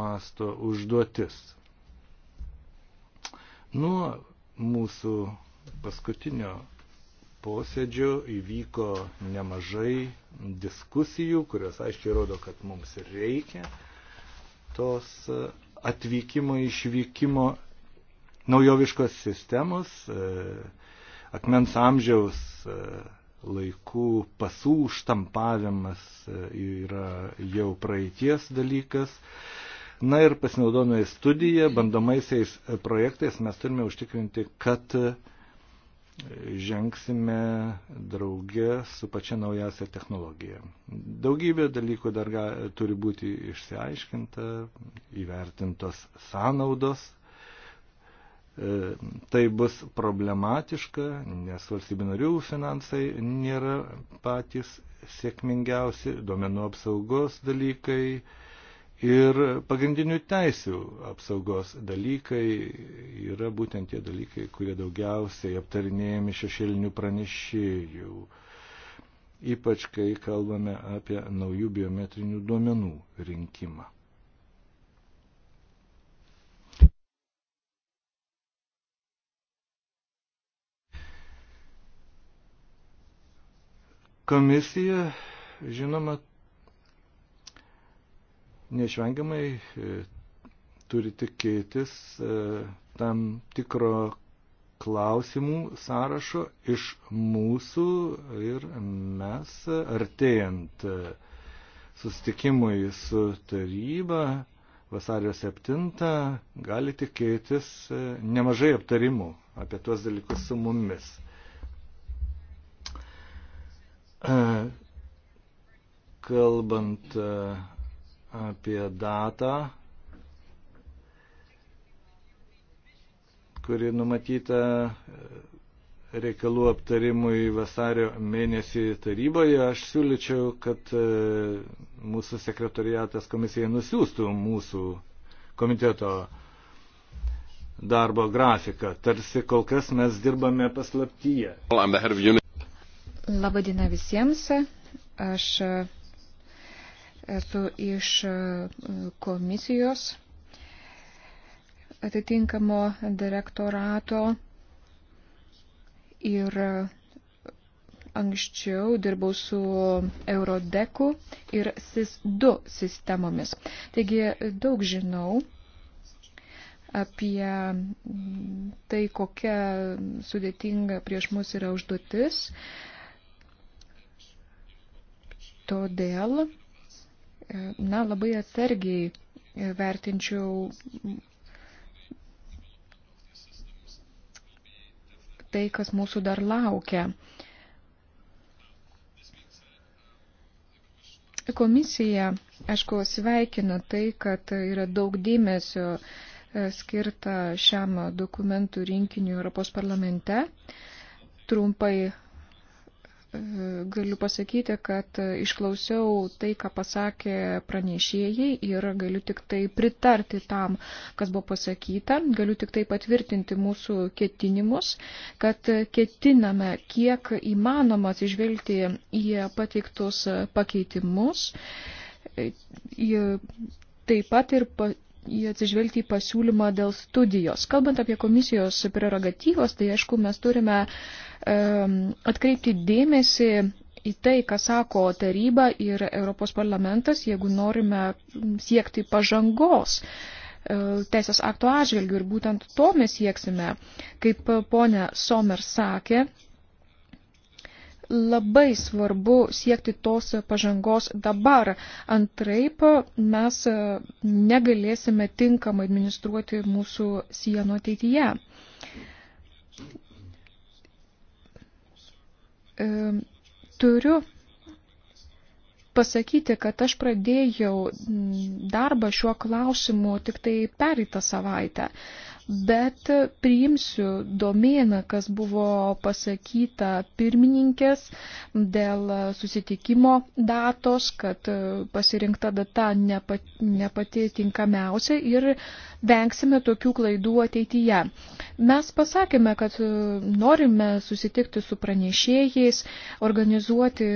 masto užduotis. Nuo mūsų paskutinio posėdžių įvyko nemažai diskusijų, kurios aiškiai rodo, kad mums reikia tos atvykimo, išvykimo naujoviškos sistemos, e, akmens amžiaus e, laikų pasų štampavimas e, yra jau praeities dalykas. Na ir pasinaudodami studiją, bandomaisiais projektais mes turime užtikrinti, kad uh, žengsime drauge su pačia naujausia technologija. Daugybė dalykų dar ga, turi būti išsiaiškinta, įvertintos sąnaudos. E, tai bus problematiška, nes valstybių narių finansai nėra patys sėkmingiausi, duomenų apsaugos dalykai, e, Ir pagrindinių teisių apsaugos dalykai yra būtent tie dalykai, kurie daugiausiai aptarinėjami šešėlinių pranešėjų, ypač kai kalbame apie naujų biometrinių duomenų rinkimą. Komisija, žinoma, neišvengiamai e, turi tikėtis e, tam tikro klausimų sąrašo iš mūsų ir mes artėjant e, sustikimui su taryba vasario 7 gali tikėtis nemažai aptarimų apie tuos dalykus su mumis. Kalbant apie datą, kuri numatyta e, reikalų aptarimui vasario mėnesį taryboje, aš siūlyčiau, kad e, mūsų sekretariatas komisijai nusiųstų mūsų komiteto darbo grafiką. Tarsi kol kas mes dirbame paslaptyje. Labadiena visiems. Aš Esu iš e, komisijos atitinkamo direktorato ir anksčiau dirbau su Eurodeku ir SIS-2 sistemomis. Taigi daug žinau apie tai, kokia sudėtinga prieš mus yra užduotis. Todėl na, labai atsargiai vertinčiau tai, kas mūsų dar laukia. Komisija, aišku, sveikina tai, kad yra daug dėmesio e, skirta šiam dokumentų rinkiniu Europos parlamente. Trumpai galiu pasakyti, kad išklausiau tai, ką pasakė pranešėjai ir galiu tik tai pritarti tam, kas buvo pasakyta. Galiu tik tai patvirtinti mūsų ketinimus, kad ketiname kiek įmanoma atsižvelgti į pateiktus pakeitimus. Taip pat ir atsižvelgti į pasiūlymą dėl studijos. Kalbant apie komisijos prerogatyvos, tai aišku, mes turime um, atkreipti dėmesį į tai, ką sako taryba ir Europos parlamentas, jeigu norime siekti pažangos e, teisės akto atžvilgių ir būtent to mes sieksime. Kaip ponė Somer sakė, labai svarbu siekti tos pažangos dabar. Antraip mes negalėsime tinkamai administruoti mūsų sienų ateityje. Turiu pasakyti, kad aš pradėjau darbą šiuo klausimu tik tai pereitą savaitę bet priimsiu domėną, kas buvo pasakyta pirmininkės dėl susitikimo datos, kad pasirinkta data ne pati tinkamiausia ir vengsime tokių klaidų ateityje. Mes pasakėme, kad norime susitikti su pranešėjais, organizuoti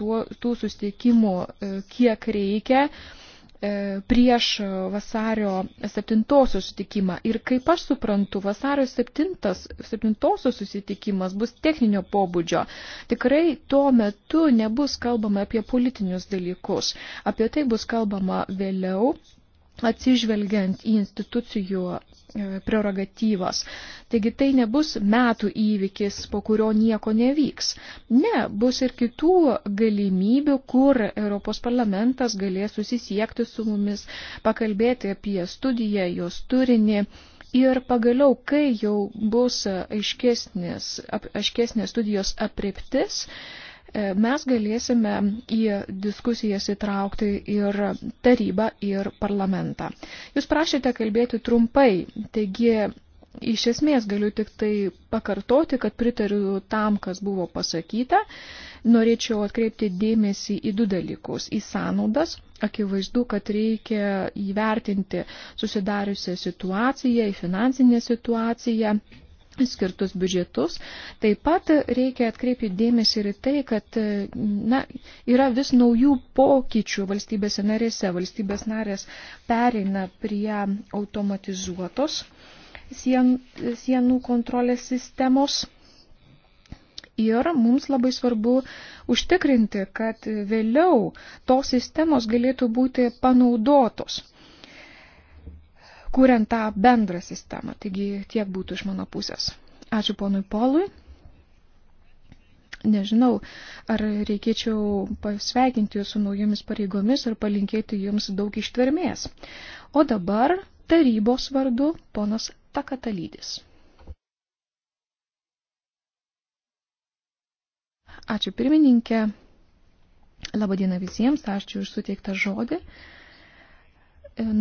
tuo, tų susitikimų e, kiek reikia. E, prieš vasario 7 susitikimą. Ir kaip aš suprantu, vasario 7, 7 susitikimas bus techninio pobūdžio. Tikrai tuo metu nebus kalbama apie politinius dalykus. Apie tai bus kalbama vėliau atsižvelgiant į institucijų E, prerogatyvas. Taigi tai nebus metų įvykis, po kurio nieko nevyks. Ne, bus ir kitų galimybių, kur Europos parlamentas galės susisiekti su mumis, pakalbėti apie studiją, jos turinį. Ir pagaliau, kai jau bus aiškesnės, aiškesnės studijos apriptis, uh, E, mes galėsime į diskusijas įtraukti ir tarybą, ir parlamentą. Jūs prašėte kalbėti trumpai, taigi iš esmės galiu tik tai pakartoti, kad pritariu tam, kas buvo pasakyta. Norėčiau atkreipti dėmesį į du dalykus - į sąnaudas. Akivaizdu, kad reikia įvertinti susidariusią situaciją, į finansinę situaciją skirtus biudžetus. Taip pat reikia atkreipti dėmesį ir tai, kad na, yra vis naujų pokyčių valstybėse narėse. Valstybės narės pereina prie automatizuotos sien, sienų kontrolės sistemos. Ir mums labai svarbu užtikrinti, kad vėliau tos sistemos galėtų būti panaudotos kuriant tą bendrą sistemą. Taigi tiek būtų iš mano pusės. Ačiū ponui Polui. Nežinau, ar reikėčiau pasveikinti jūsų naujomis pareigomis ir palinkėti jums daug ištvermės. O dabar tarybos vardu ponas Takatalydis. Ačiū pirmininkė. Labadiena visiems, ačiū už suteiktą žodį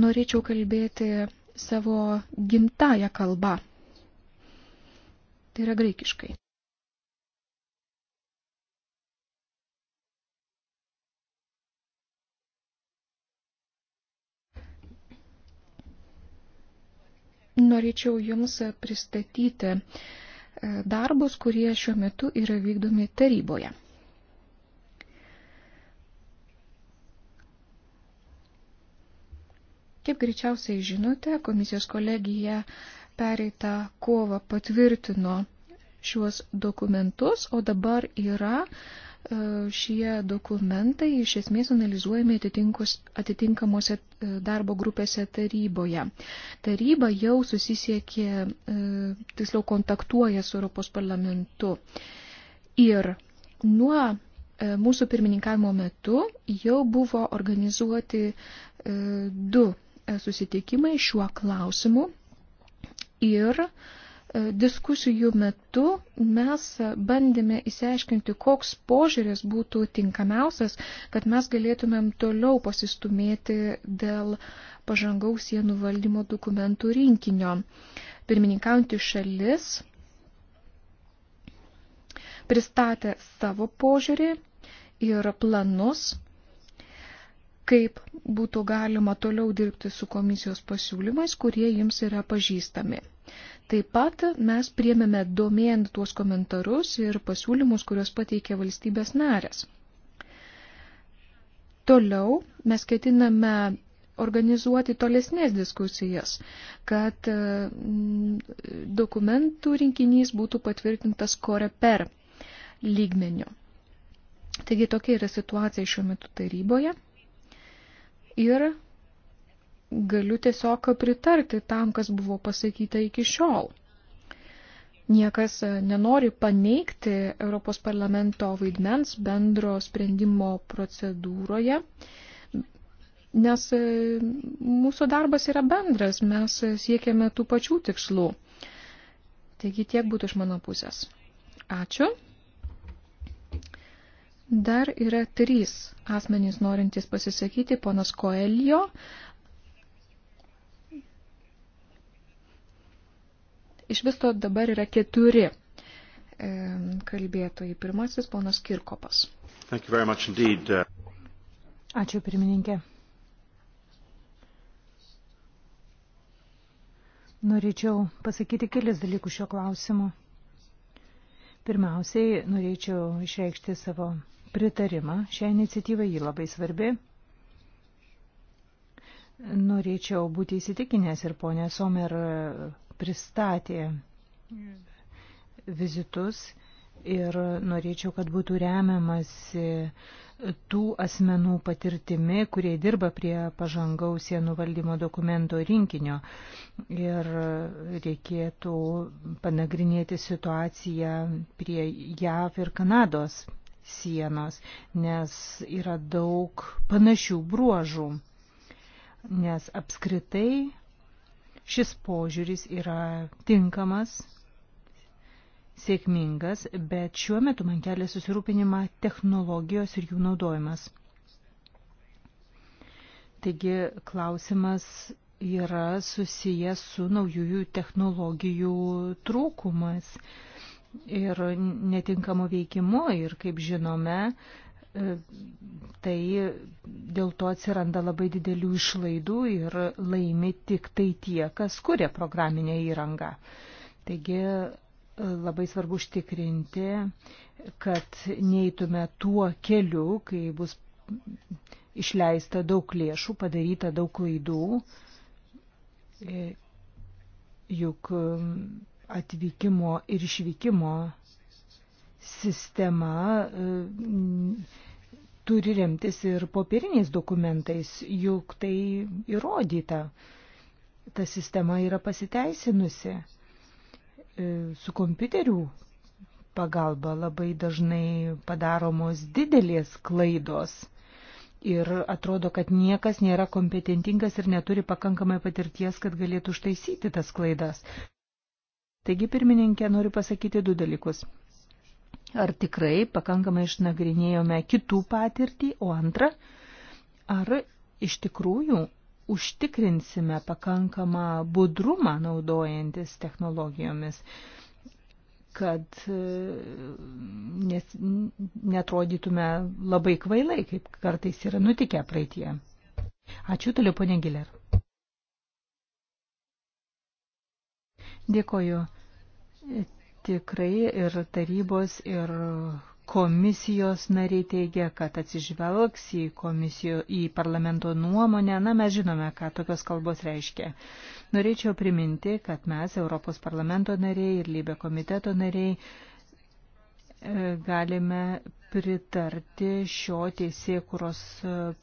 norėčiau kalbėti savo gimtają kalbą. Tai yra graikiškai. Norėčiau Jums pristatyti e, darbus, kurie šiuo metu yra vykdomi taryboje. Kaip greičiausiai žinote, komisijos kolegija pereitą kovą patvirtino šiuos dokumentus, o dabar yra e, šie dokumentai iš esmės analizuojami atitinkamuose e, darbo grupėse taryboje. Taryba jau susisiekė, e, tiksliau kontaktuoja su Europos parlamentu. Ir nuo mūsų pirmininkavimo metu jau buvo organizuoti du E, susitikimai šiuo klausimu ir e, diskusijų metu mes bandėme įsiaiškinti, koks požiūris būtų tinkamiausias, kad mes galėtumėm toliau pasistumėti dėl pažangaus sienų valdymo dokumentų rinkinio. Pirmininkaujantį šalis pristatė savo požiūrį ir planus kaip būtų galima toliau dirbti su komisijos pasiūlymais, kurie jums yra pažįstami. Taip pat mes priemėme domėjant tuos komentarus ir pasiūlymus, kuriuos pateikė valstybės narės. Toliau mes ketiname organizuoti tolesnės diskusijas, kad mm, dokumentų rinkinys būtų patvirtintas koreper lygmeniu. Taigi tokia yra situacija šiuo metu taryboje ir galiu tiesiog pritarti tam, kas buvo pasakyta iki šiol. Niekas e, nenori paneigti Europos parlamento vaidmens bendro sprendimo procedūroje, nes e, mūsų darbas yra bendras, mes siekiame tų pačių tikslų. Taigi tiek būtų iš mano pusės. Ačiū. Dar yra trys asmenys norintys pasisakyti. Ponas Koelio. Iš viso dabar yra keturi e, kalbėtojai. Pirmasis ponas Kirkopas. Uh, Ačiū pirmininkė. Norėčiau pasakyti kelis dalykus šio klausimu. Pirmiausiai norėčiau išreikšti savo pritarimą šią iniciatyvą, ji labai svarbi. Norėčiau būti įsitikinęs ir ponė Somer pristatė vizitus ir norėčiau, kad būtų remiamasi tų asmenų patirtimi, kurie dirba prie pažangaus sienų valdymo dokumento rinkinio. Ir reikėtų panagrinėti situaciją prie JAV ir Kanados sienos, nes yra daug panašių bruožų, nes apskritai šis požiūris yra tinkamas, sėkmingas, bet šiuo metu man kelia susirūpinimą technologijos ir jų naudojimas. Taigi klausimas yra susijęs su naujųjų technologijų trūkumas ir netinkamu veikimu ir, kaip žinome, e, tai dėl to atsiranda labai didelių išlaidų ir laimi tik tai tie, kas kuria programinę įrangą. Taigi e, labai svarbu užtikrinti, kad neįtume tuo keliu, kai bus išleista daug lėšų, padaryta daug klaidų, e, juk atvykimo ir išvykimo sistema e, turi remtis ir popieriniais dokumentais, juk tai įrodyta. Ta sistema yra pasiteisinusi. E, su kompiuterių pagalba labai dažnai padaromos didelės klaidos ir atrodo, kad niekas nėra kompetentingas ir neturi pakankamai patirties, kad galėtų užtaisyti tas klaidas. Taigi, pirmininkė, noriu pasakyti du dalykus. Ar tikrai pakankamai išnagrinėjome kitų patirtį, o antra, ar iš tikrųjų užtikrinsime pakankamą budrumą naudojantis technologijomis, kad e, nes, netrodytume labai kvailai, kaip kartais yra nutikę praeitie. Ačiū toliau, ponė Giler. Dėkoju. Tikrai ir tarybos, ir komisijos nariai teigia, kad atsižvelgs į komisijų, į parlamento nuomonę. Na, mes žinome, ką tokios kalbos reiškia. Norėčiau priminti, kad mes, Europos parlamento nariai ir lybė komiteto nariai, e, galime pritarti šio teisėkuros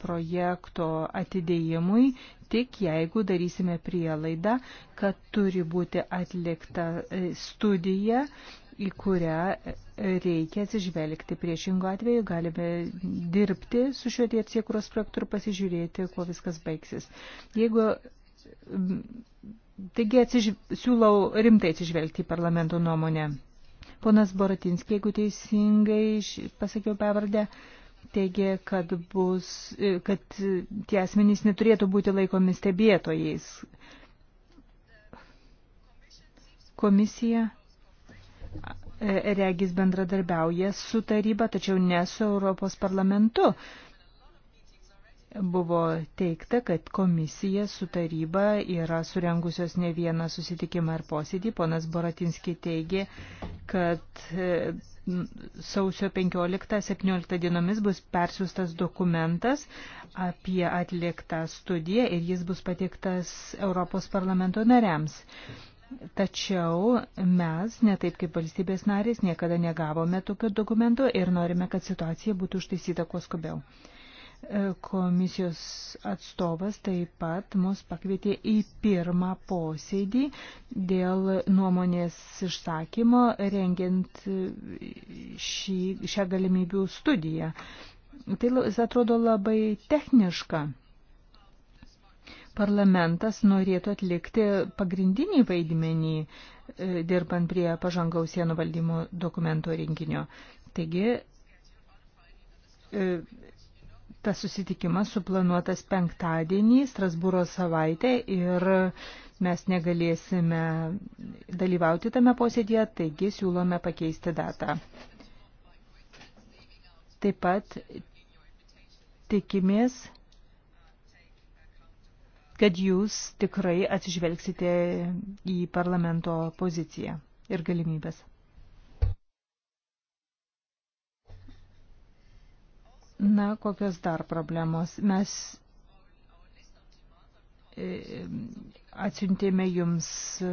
projekto atidėjimui, tik jeigu darysime prielaidą, kad turi būti atlikta e, studija, į kurią e, reikia atsižvelgti. Priešingų atveju galime dirbti su šiuo teisėkuros projektu ir pasižiūrėti, kuo viskas baigsis. Jeigu Taigi atsiž... siūlau rimtai atsižvelgti į parlamento nuomonę. Ponas Boratinskė, jeigu teisingai pasakiau pavardę, teigia, kad, bus, kad tie asmenys neturėtų būti laikomi stebėtojais. Komisija e, regis bendradarbiauja su taryba, tačiau ne su Europos parlamentu buvo teikta, kad komisija su taryba yra surengusios ne vieną susitikimą ir posėdį. Ponas Boratinski teigė, kad e, sausio 15-17 dienomis bus persiųstas dokumentas apie atliktą studiją ir jis bus pateiktas Europos parlamento nariams. Tačiau mes, netaip kaip valstybės narės, niekada negavome tokio dokumento ir norime, kad situacija būtų užtaisyta kuo skubiau. Komisijos atstovas taip pat mus pakvietė į pirmą posėdį dėl nuomonės išsakymo rengiant šį, šią galimybių studiją. Tai atrodo labai techniška parlamentas norėtų atlikti pagrindinį vaidmenį, e, dirbant prie pažangaus sienų valdymo dokumento rinkinio. Taigi, e, Tas susitikimas suplanuotas penktadienį, Strasbūro savaitę ir mes negalėsime dalyvauti tame posėdėje, taigi siūlome pakeisti datą. Taip pat tikimės, kad jūs tikrai atsižvelgsite į parlamento poziciją ir galimybės. Na, kokios dar problemos? Mes e, atsiuntėme jums e,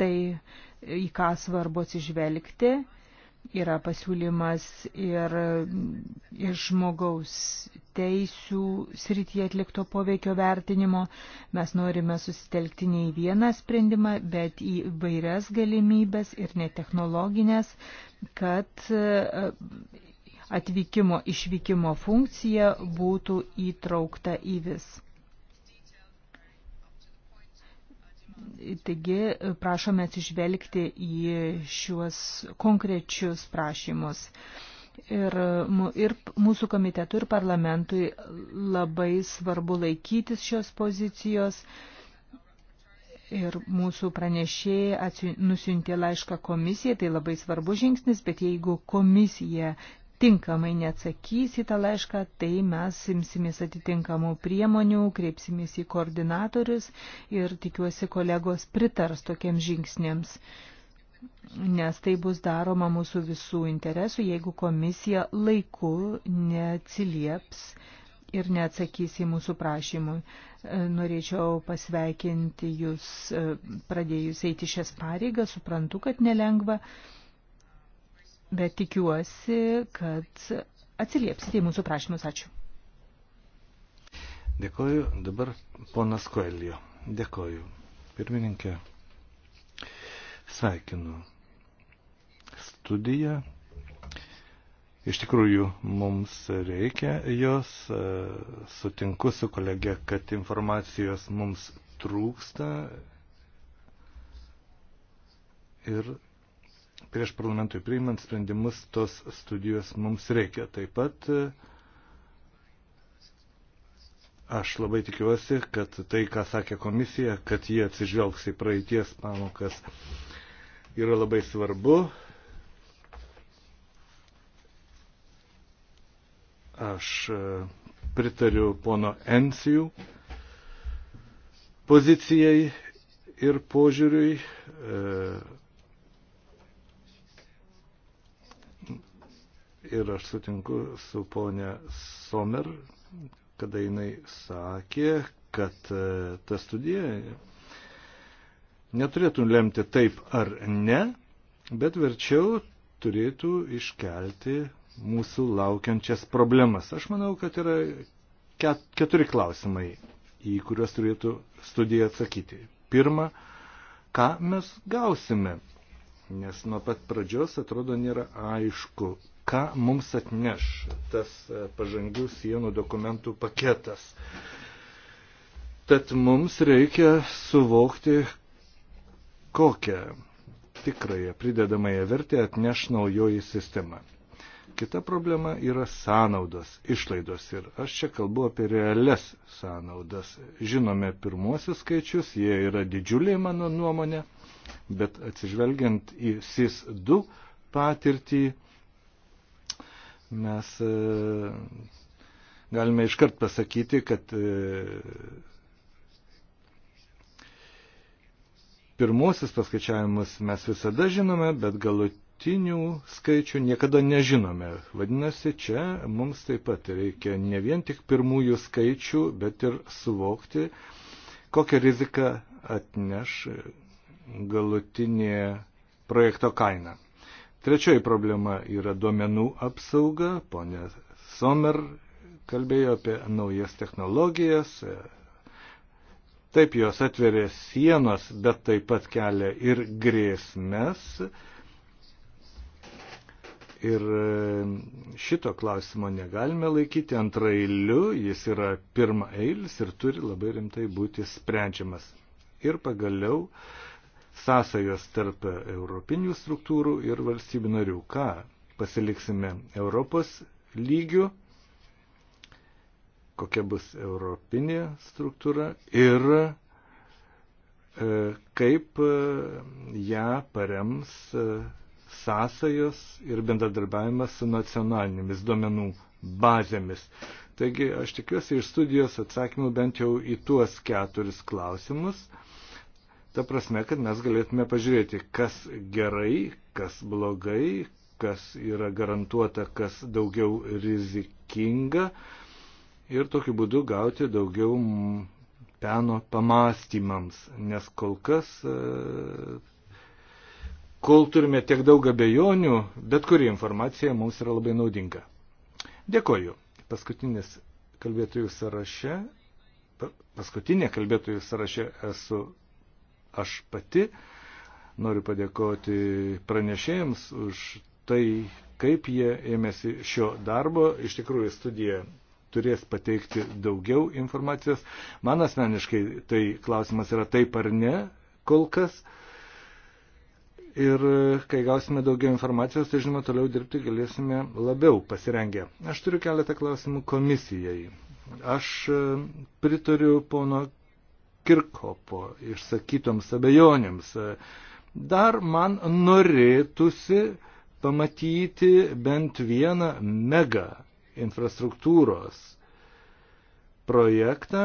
tai, į ką svarbu atsižvelgti. Yra pasiūlymas ir e, iš žmogaus teisių srityje atlikto poveikio vertinimo. Mes norime susitelkti ne į vieną sprendimą, bet į vairias galimybės ir netechnologinės, kad atvykimo išvykimo funkcija būtų įtraukta į vis. Taigi prašome atsižvelgti į šiuos konkrečius prašymus. Ir, ir mūsų komitetu ir parlamentui labai svarbu laikytis šios pozicijos. Ir mūsų pranešėjai nusiuntė laišką komisijai, tai labai svarbu žingsnis, bet jeigu komisija tinkamai neatsakys į tą laišką, tai mes imsimės atitinkamų priemonių, kreipsimės į koordinatorius ir tikiuosi kolegos pritars tokiems žingsniams. Nes tai bus daroma mūsų visų interesų, jeigu komisija laiku neatsilieps ir neatsakys į mūsų prašymui. E, norėčiau pasveikinti jūs e, pradėjus eiti šias pareigas, suprantu, kad nelengva bet tikiuosi, kad atsiliepsite į mūsų prašymus. Ačiū. Dėkoju. Dabar ponas Koelio. Dėkoju. Pirmininkė, sveikinu studiją. Iš tikrųjų, mums reikia jos. Sutinku su kolegė, kad informacijos mums trūksta ir prieš parlamentui priimant sprendimus tos studijos mums reikia. Taip pat aš labai tikiuosi, kad tai, ką sakė komisija, kad jie atsižvelgs į praeities pamokas, yra labai svarbu. Aš e, pritariu pono Ensijų pozicijai ir požiūriui. E, ir aš sutinku su ponė Somer, kada jinai sakė, kad e, ta studija neturėtų lemti taip ar ne, bet verčiau turėtų iškelti mūsų laukiančias problemas. Aš manau, kad yra keturi klausimai, į kuriuos turėtų studija atsakyti. Pirma, ką mes gausime, nes nuo pat pradžios atrodo nėra aišku, ką mums atneš tas e, pažangių sienų dokumentų paketas. Tad mums reikia suvokti, kokią tikrąją pridedamąją vertę atneš naujoji sistema. Kita problema yra sąnaudos, išlaidos ir aš čia kalbu apie realias sąnaudas. Žinome pirmuosius skaičius, jie yra didžiuliai mano nuomonė, bet atsižvelgiant į SIS 2 patirtį, mes e, galime iškart pasakyti, kad e, pirmosius paskaičiavimus mes visada žinome, bet galutinių skaičių niekada nežinome. Vadinasi, čia mums taip pat reikia ne vien tik pirmųjų skaičių, bet ir suvokti, kokią riziką atneš galutinė projekto kaina. Trečioji problema yra duomenų apsauga. Pone Somer kalbėjo apie naujas technologijas. Taip jos atveria sienos, bet taip pat kelia ir grėsmes. Ir e, šito klausimo negalime laikyti antrailiu, jis yra pirma eilis ir turi labai rimtai būti sprendžiamas. Ir pagaliau uh, sąsajos tarp europinių struktūrų ir valstybių narių. Ką pasiliksime Europos lygių, kokia bus europinė struktūra ir e, kaip e, ją parems e, sąsajos ir bendradarbiavimas su nacionalinėmis duomenų bazėmis. Taigi aš tikiuosi iš studijos atsakymų bent jau į tuos keturis klausimus. Ta prasme, kad mes galėtume pažiūrėti, kas gerai, kas blogai, kas yra garantuota, kas daugiau rizikinga ir tokiu būdu gauti daugiau peno pamastymams, nes kol kas, e, kol turime tiek daug abejonių, bet kuri informacija mums yra labai naudinga. Dėkoju. Paskutinis kalbėtojų sąraše, paskutinė kalbėtojų sąraše esu aš pati. Noriu padėkoti pranešėjams už tai, kaip jie ėmėsi šio darbo. Iš tikrųjų, studija turės pateikti daugiau informacijos. Man asmeniškai tai klausimas yra taip ar ne kol kas. Ir kai gausime daugiau informacijos, tai žinoma, toliau dirbti galėsime labiau pasirengę. Aš turiu keletą klausimų komisijai. Aš pritariu pono Kirkopo išsakytoms abejonėms. Dar man norėtųsi pamatyti bent vieną mega infrastruktūros projektą,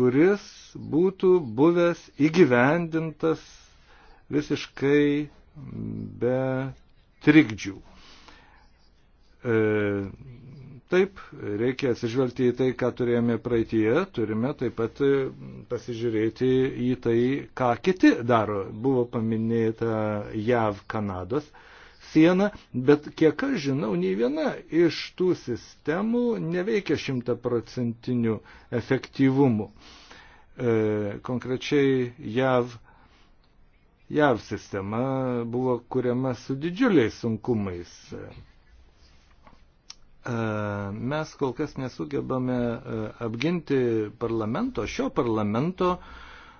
kuris būtų buvęs įgyvendintas visiškai be trikdžių. E, Taip, reikia atsižvelgti į tai, ką turėjome praeitie, turime taip pat e, pasižiūrėti į tai, ką kiti daro. Buvo paminėta JAV Kanados siena, bet kiek aš žinau, nei viena iš tų sistemų neveikia šimtaprocentiniu efektyvumu. E, konkrečiai JAV JAV sistema buvo kuriama su didžiuliais sunkumais. E, mes kol kas nesugebame e, apginti parlamento, šio parlamento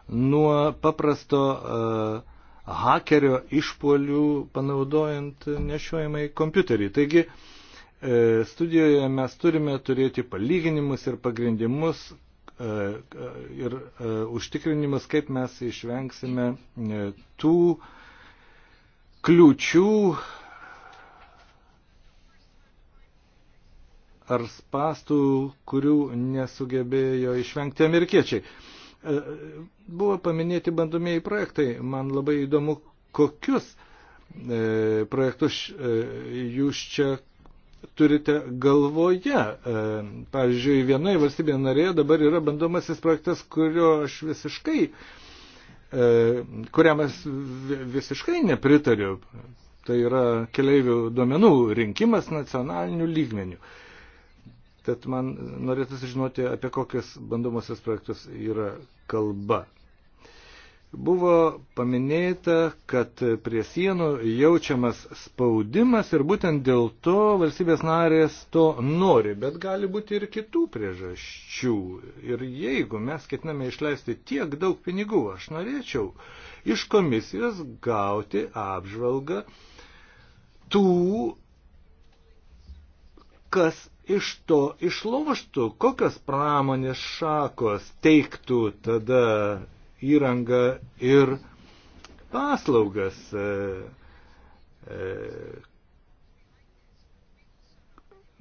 nuo paprasto e, hakerio išpolių panaudojant nešiojamai kompiuterį. Taigi studijoje mes turime turėti palyginimus ir pagrindimus ir užtikrinimus, kaip mes išvengsime tų kliučių, ar spastų, kurių nesugebėjo išvengti amerikiečiai. E, buvo paminėti bandomieji projektai. Man labai įdomu, kokius e, projektus e, jūs čia turite galvoje. Pavyzdžiui, vienoje valstybėje narėje dabar yra bandomasis projektas, kurio aš visiškai, kuriam aš visiškai nepritariu. Tai yra keliaivių duomenų rinkimas nacionalinių lygmenių. Tad man norėtųsi žinoti, apie kokius bandomosios projektus yra kalba. Buvo paminėta, kad prie sienų jaučiamas spaudimas ir būtent dėl to valstybės narės to nori, bet gali būti ir kitų priežasčių. Ir jeigu mes ketiname išleisti tiek daug pinigų, aš norėčiau iš komisijos gauti apžvalgą tų, kas iš to išloštų, kokios pramonės šakos teiktų tada įrangą ir paslaugas, e, e,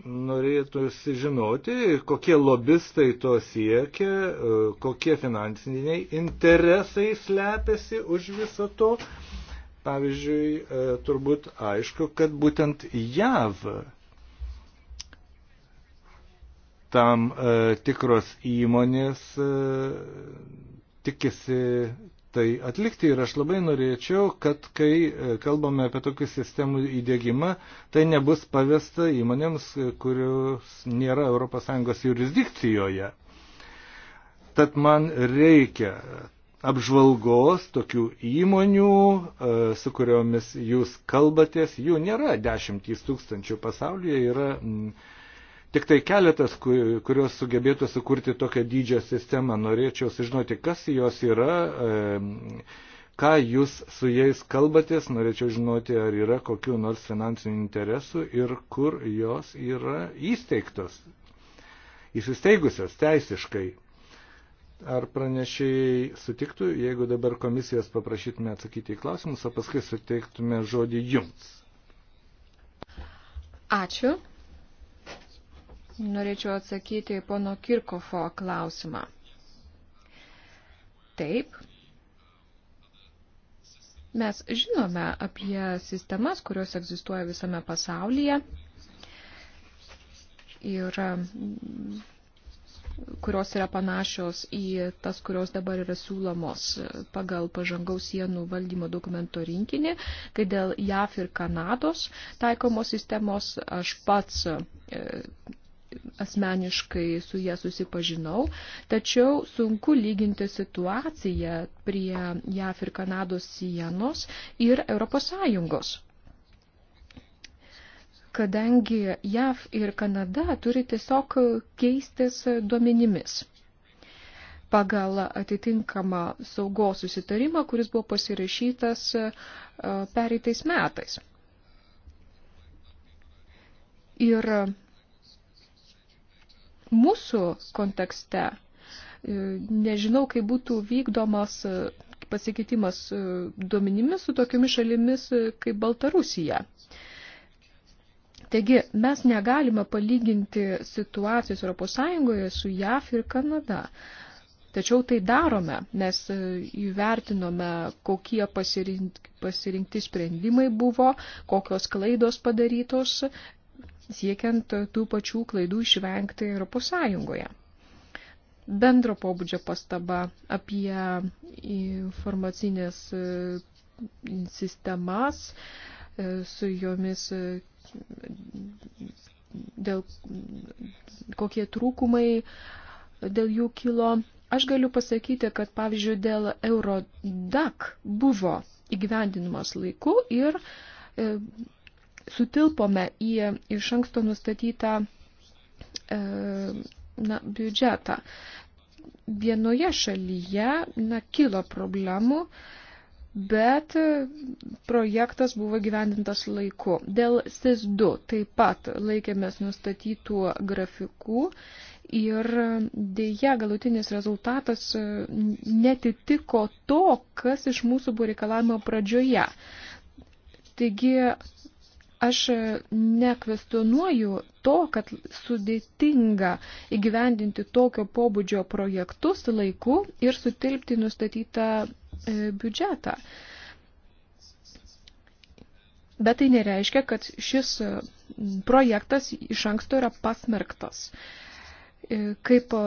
norėtųsi žinoti, kokie lobistai to siekia, e, kokie finansiniai interesai slepiasi už viso to. Pavyzdžiui, turbūt aišku, kad būtent JAV tam e, tikros įmonės e, tikisi tai atlikti ir aš labai norėčiau, kad kai e, kalbame apie tokių sistemų įdėgymą, tai nebus pavesta įmonėms, kurios nėra ES jurisdikcijoje. Tad man reikia apžvalgos tokių įmonių, e, su kuriomis jūs kalbatės, jų nėra dešimtys tūkstančių pasaulyje, yra tik tai keletas, kurios sugebėtų sukurti tokią dydžią sistemą. Norėčiau sužinoti, kas jos yra, ką jūs su jais kalbatės, norėčiau žinoti, ar yra kokiu nors finansinių interesų ir kur jos yra įsteigtos, įsisteigusios teisiškai. Ar pranešėjai sutiktų, jeigu dabar komisijos paprašytume atsakyti į klausimus, o paskui suteiktume žodį jums? Ačiū. Norėčiau atsakyti į pono Kirkofo klausimą. Taip, Mes žinome apie sistemas, kurios egzistuoja visame pasaulyje ir mm, kurios yra panašios į tas, kurios dabar yra siūlomos pagal pažangaus sienų valdymo dokumento rinkinį, kai dėl JAF ir Kanados taikomos sistemos aš pats e, asmeniškai su jie susipažinau, tačiau sunku lyginti situaciją prie JAF ir Kanados sienos ir ES kadangi JAV ir Kanada turi tiesiog keistis duomenimis pagal atitinkamą saugos susitarimą, kuris buvo pasirašytas e, pereitais metais. Ir mūsų kontekste. E, nežinau, kaip būtų vykdomas e, pasikeitimas e, duomenimis su tokiomis šalimis kaip Baltarusija. Taigi, mes negalime palyginti situacijos ES su JAF ir Kanada. Tačiau tai darome, mes įvertinome, kokie pasirinkti sprendimai buvo, kokios klaidos padarytos siekiant tų pačių klaidų išvengti ES. Bendro pobūdžio pastaba apie informacinės e, sistemas, e, su jomis e, dėl kokie trūkumai dėl jų kilo. Aš galiu pasakyti, kad pavyzdžiui dėl Eurodac buvo įgyvendinimas laiku ir sutilpome į iš anksto nustatytą e, na, biudžetą. Vienoje šalyje na, kilo problemų, bet projektas buvo gyvendintas laiku. Dėl SIS-2 taip pat laikėmės nustatytų grafikų ir dėja galutinis rezultatas netitiko to, kas iš mūsų buvo reikalavimo pradžioje. Taigi Aš e, nekvestionuoju to, kad sudėtinga įgyvendinti tokio pobūdžio projektus laiku ir sutilpti nustatytą e, biudžetą. Bet tai nereiškia, kad šis projektas iš anksto yra pasmerktas. E, E, kaip e,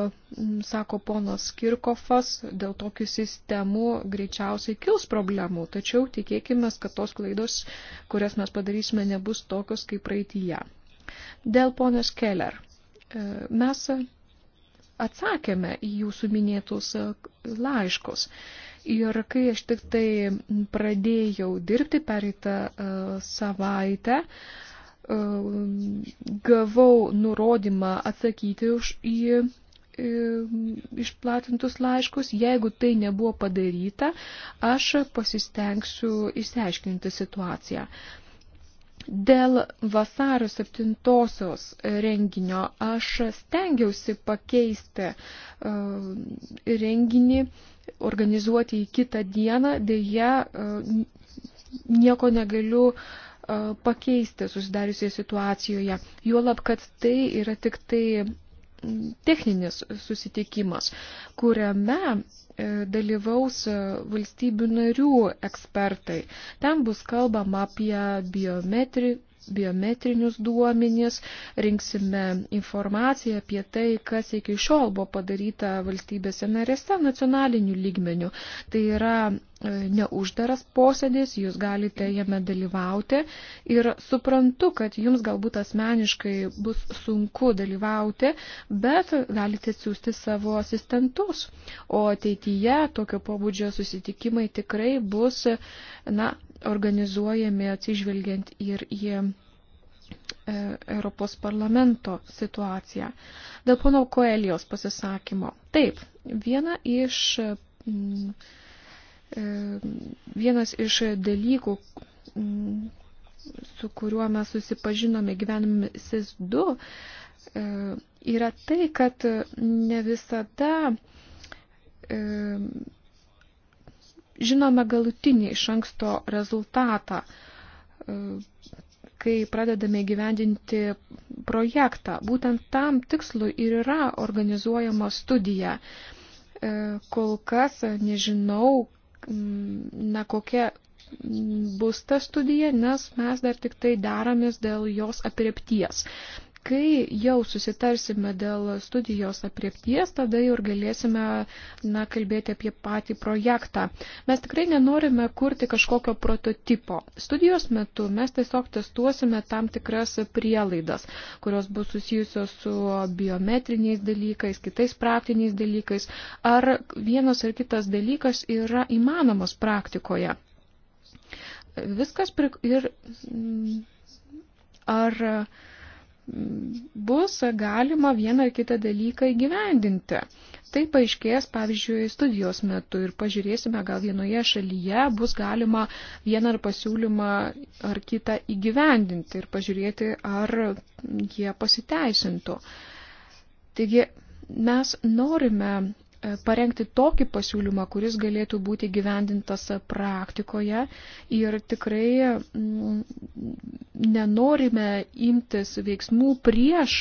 sako ponas Kirkofas, dėl tokių sistemų greičiausiai kils problemų, tačiau tikėkime, kad tos klaidos, kurias mes padarysime, nebus tokios kaip praeitįje. Dėl ponios Keller. E, mes atsakėme į jūsų minėtus laiškus. Ir kai aš tik tai pradėjau dirbti pereitą savaitę, uh, Ehm, gavau nurodymą atsakyti už į ehm, išplatintus laiškus. Jeigu tai nebuvo padaryta, aš pasistengsiu išsiaiškinti situaciją. Dėl vasario 7 renginio aš stengiausi pakeisti ehm, renginį, organizuoti į kitą dieną, dėja nieko negaliu pakeisti susidariusioje situacijoje. Juolab, kad tai yra tik tai techninis susitikimas, kuriame e, dalyvaus e, valstybių narių ekspertai. Ten bus kalbama apie biometri, biometrinius duomenis, rinksime informaciją apie tai, kas iki šiol buvo padaryta valstybėse narėse nacionaliniu lygmeniu. Tai yra E, neuždaras posėdis, jūs galite jame dalyvauti ir suprantu, kad jums galbūt asmeniškai bus sunku dalyvauti, bet galite siūsti savo asistentus, o ateityje tokio pobūdžio susitikimai tikrai bus na, organizuojami atsižvelgiant ir į e, Europos parlamento situaciją. Dėl pono Koelijos pasisakymo. Taip, viena iš mm, E, vienas iš dalykų, su kuriuo mes susipažinome gyvenime SIS 2, e, yra tai, kad ne visada e, žinome galutinį iš anksto rezultatą, kai pradedame gyvendinti projektą. Būtent tam tikslui ir yra organizuojama studija. Kol kas nežinau, na, kokia bus ta studija, nes mes dar tik tai daramės dėl jos apriepties. Kai jau susitarsime dėl studijos apriepties, tada jau ir galėsime na, kalbėti apie patį projektą. Mes tikrai nenorime kurti kažkokio prototipo. Studijos metu mes tiesiog testuosime tam tikras prielaidas, kurios bus susijusios su biometriniais dalykais, kitais praktiniais dalykais, ar vienas ar kitas dalykas yra įmanomas praktikoje. Viskas prik... ir mm, ar bus galima vieną ar kitą dalyką įgyvendinti. Tai paaiškės, pavyzdžiui, studijos metu ir pažiūrėsime, gal vienoje šalyje bus galima vieną ar pasiūlymą ar kitą įgyvendinti ir pažiūrėti, ar jie pasiteisintų. Taigi mes norime E, parengti tokį pasiūlymą, kuris galėtų būti gyvendintas praktikoje ir tikrai mm, nenorime imtis veiksmų prieš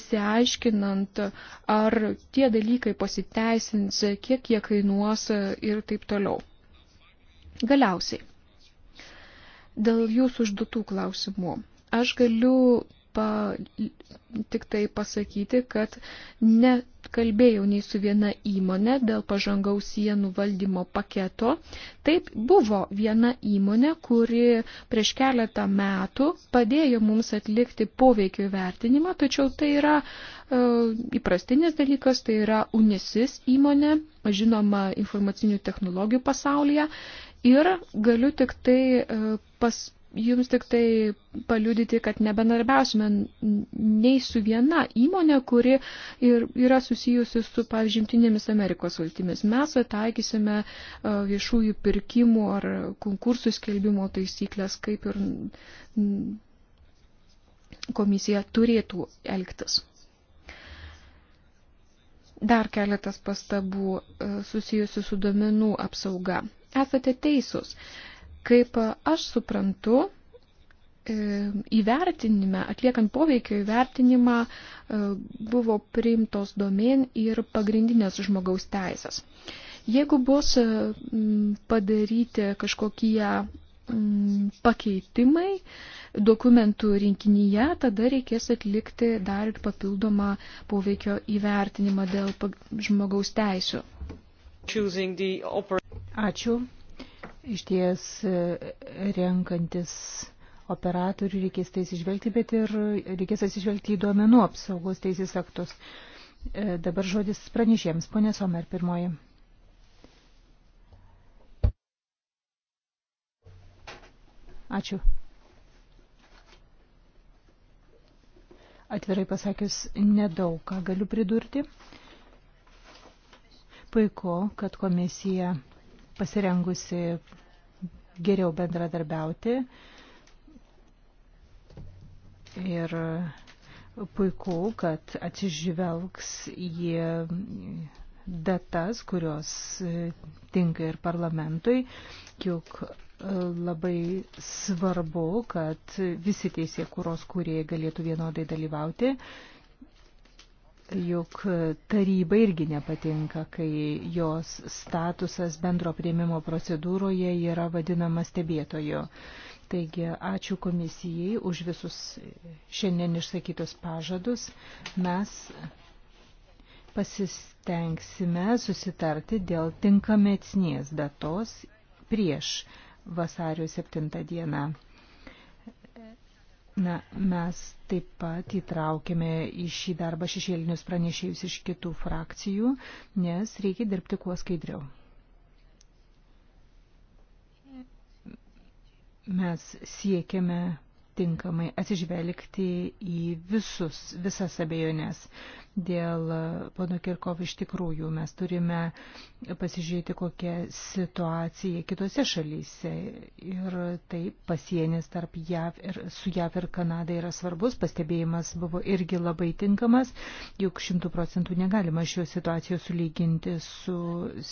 įsiaiškinant, ar tie dalykai pasiteisins, kiek jie kainuos ir taip toliau. Galiausiai, dėl jūsų užduotų klausimų, aš galiu pa, tik tai pasakyti, kad nekalbėjau nei su viena įmonė dėl pažangaus sienų valdymo paketo. Taip buvo viena įmonė, kuri prieš keletą metų padėjo mums atlikti poveikio vertinimą, tačiau tai yra e, įprastinis dalykas, tai yra Unisys įmonė, žinoma, informacinių technologijų pasaulyje. Ir galiu tik tai e, pas, jums tik tai paliudyti, kad nebendarbiausime nei su viena įmonė, kuri ir yra susijusi su, pavyzdžiui, Jimtinėmis Amerikos valtimis. Mes taikysime e, viešųjų pirkimų ar konkursų skelbimo taisyklės, kaip ir komisija turėtų elgtis. Dar keletas pastabų e, susijusių su domenų apsauga. Esate teisūs. Uh, Kaip aš suprantu, e, įvertinime, atliekant poveikio įvertinimą, e, buvo priimtos domen ir pagrindinės žmogaus teisės. Jeigu bus e, padaryti kažkokie pakeitimai dokumentų rinkinyje, tada reikės atlikti dar ir papildomą poveikio įvertinimą dėl žmogaus teisų. Ačiū iš ties e, renkantis operatorių reikės tai atsižvelgti, bet ir reikės atsižvelgti į duomenų apsaugos teisės aktus. E, dabar žodis pranešėjams. Pone Somer, pirmoji. Ačiū. Atvirai pasakius, nedaug ką galiu pridurti. Puiku, kad komisija pasirengusi geriau bendradarbiauti. Ir puiku, kad atsižvelgs į datas, kurios tinka ir parlamentui, juk labai svarbu, kad visi teisė kūros kūrėjai galėtų vienodai dalyvauti juk taryba irgi nepatinka, kai jos statusas bendro prieimimo procedūroje yra vadinamas stebėtojo. Taigi ačiū komisijai už visus šiandien išsakytus pažadus. Mes pasistengsime susitarti dėl tinkamesnės datos prieš vasario 7 dieną. Na, mes taip pat įtraukėme į šį darbą šešėlinius pranešėjus iš kitų frakcijų, nes reikia dirbti kuo skaidriau. Mes siekiame tinkamai atsižvelgti į visus, visas abejonės. Dėl pono Kirkov iš tikrųjų mes turime pasižiūrėti, kokia situacija kitose šalyse. Ir tai pasienis tarp JAV ir su JAV ir Kanada yra svarbus. Pastebėjimas buvo irgi labai tinkamas, juk šimtų procentų negalima šios situacijos sulyginti su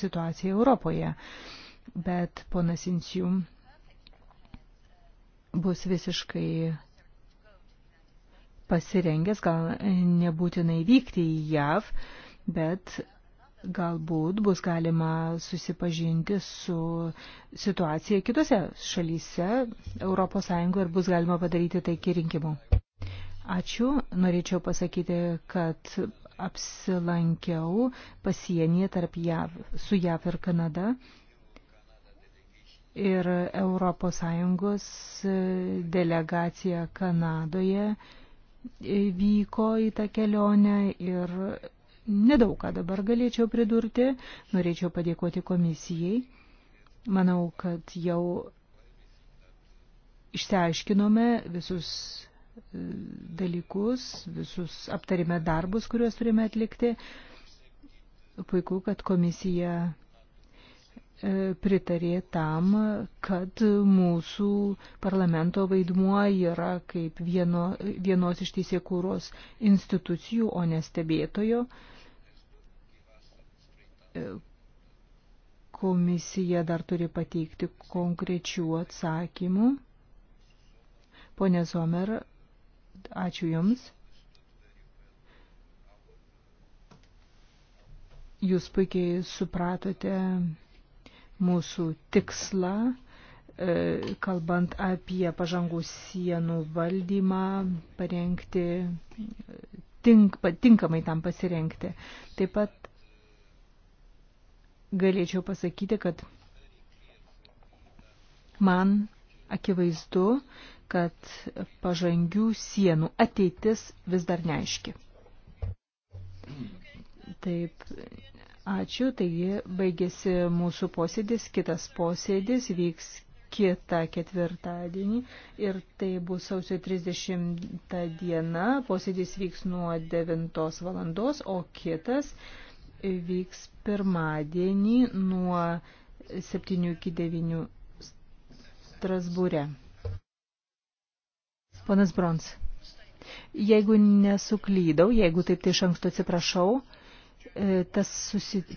situacija Europoje. Bet ponas Insium bus visiškai pasirengęs, gal nebūtinai vykti į JAV, bet galbūt bus galima susipažinti su situacija kitose šalyse Europos Sąjungoje ir bus galima padaryti tai iki rinkimų. Ačiū. Norėčiau pasakyti, kad apsilankiau pasienyje tarp JAV, su JAV ir Kanada ir ES e, delegacija Kanadoje e, vyko į tą kelionę ir nedaug ką dabar galėčiau pridurti. Norėčiau padėkoti komisijai. Manau, kad jau išsiaiškinome visus e, dalykus, visus aptarime darbus, kuriuos turime atlikti. Puiku, kad komisija E, pritarė tam, kad mūsų parlamento vaidmuo yra kaip vieno, vienos iš teisėkūros institucijų, o ne stebėtojo. E, komisija dar turi pateikti konkrečių atsakymų. Pone Zomer, ačiū Jums. Jūs puikiai supratote mūsų tikslą, e, kalbant apie pažangų sienų valdymą, parengti, tink, tinkamai tam pasirengti. Taip pat galėčiau pasakyti, kad man akivaizdu, kad pažangių sienų ateitis vis dar neaiški. Taip, Ačiū, taigi baigėsi mūsų posėdis, kitas posėdis vyks kitą ketvirtadienį ir tai bus sausio 30 diena, posėdis vyks nuo 9 valandos, o kitas vyks pirmadienį nuo 7 iki 9 Strasbūre. Ponas Brons, jeigu nesuklydau, jeigu taip tai iš anksto atsiprašau, E, tas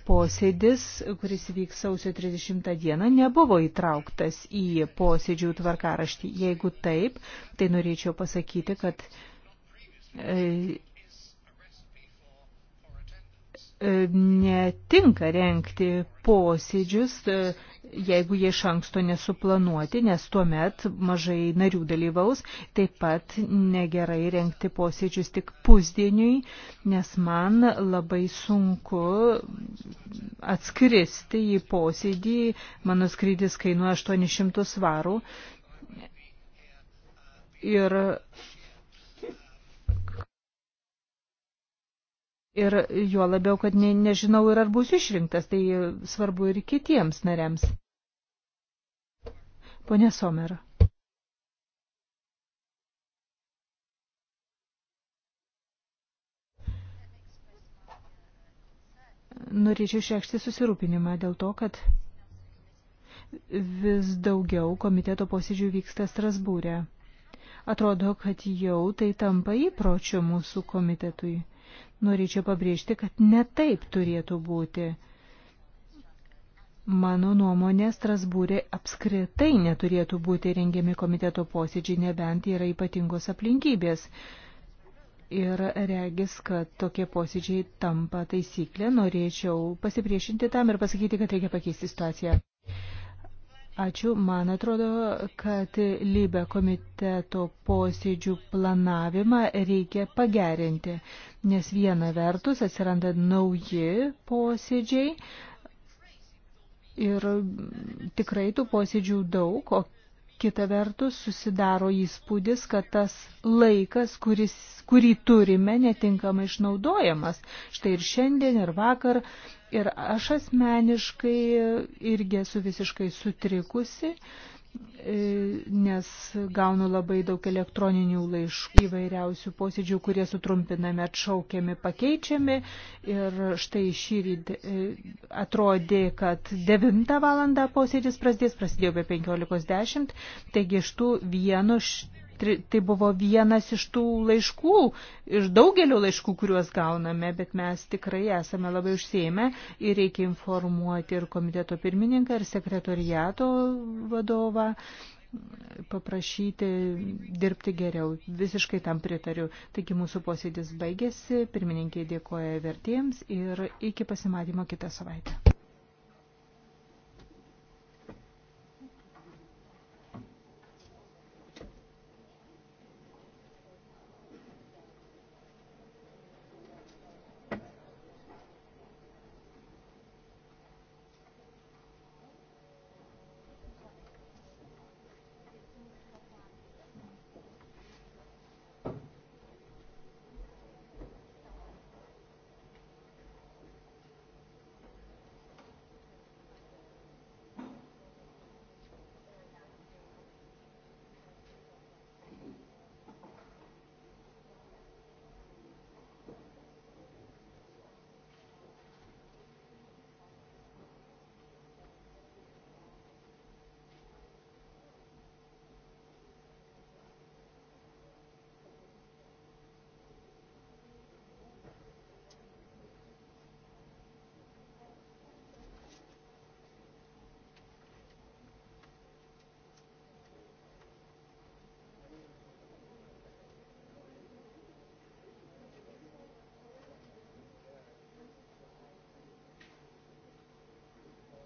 posėdis, kuris vyks sausio 30 dieną, nebuvo įtrauktas į posėdžių tvarkaraštį. Jeigu taip, tai norėčiau pasakyti, kad e, E, netinka renkti posėdžius, e, jeigu jie iš anksto nesuplanuoti, nes tuomet mažai narių dalyvaus. Taip pat negerai renkti posėdžius tik pusdieniui, nes man labai sunku atskristi į posėdį. Mano skrydis kainuoja 800 svarų. Ir Ir juo labiau, kad ne, nežinau ir ar bus išrinktas, tai svarbu ir kitiems nariams. Pone Somera. Norėčiau išreikšti susirūpinimą dėl to, kad vis daugiau komiteto posėdžių vyksta Strasbūrė. Atrodo, kad jau tai tampa įpročiu mūsų komitetui norėčiau pabrėžti, kad ne taip turėtų būti. Mano nuomonė, Strasbūrė apskritai neturėtų būti rengiami komiteto posėdžiai, nebent yra ypatingos aplinkybės. Ir regis, kad tokie posėdžiai tampa taisyklė, norėčiau pasipriešinti tam ir pasakyti, kad reikia pakeisti situaciją. Ačiū. Man atrodo, kad lybę komiteto posėdžių planavimą reikia pagerinti, nes viena vertus atsiranda nauji posėdžiai ir tikrai tų posėdžių daug, o kita vertus susidaro įspūdis, kad tas laikas, kuris, kurį turime, netinkamai išnaudojamas. Štai ir šiandien, ir vakar Ir aš asmeniškai irgi esu visiškai sutrikusi, e, nes gaunu labai daug elektroninių laiškų įvairiausių posėdžių, kurie sutrumpinami, atšaukiami, pakeičiami. Ir štai šį rytį e, atrodė, kad 9 valandą posėdis prasidės, prasidėjo be 15.10, taigi iš tų vieno tai buvo vienas iš tų laiškų, iš daugelio laiškų, kuriuos gauname, bet mes tikrai esame labai užsieimę ir reikia informuoti ir komiteto pirmininką, ir sekretoriato vadovą paprašyti dirbti geriau. Visiškai tam pritariu. Taigi mūsų posėdis baigėsi, pirmininkė dėkoja vertėjams ir iki pasimatymo kitą savaitę.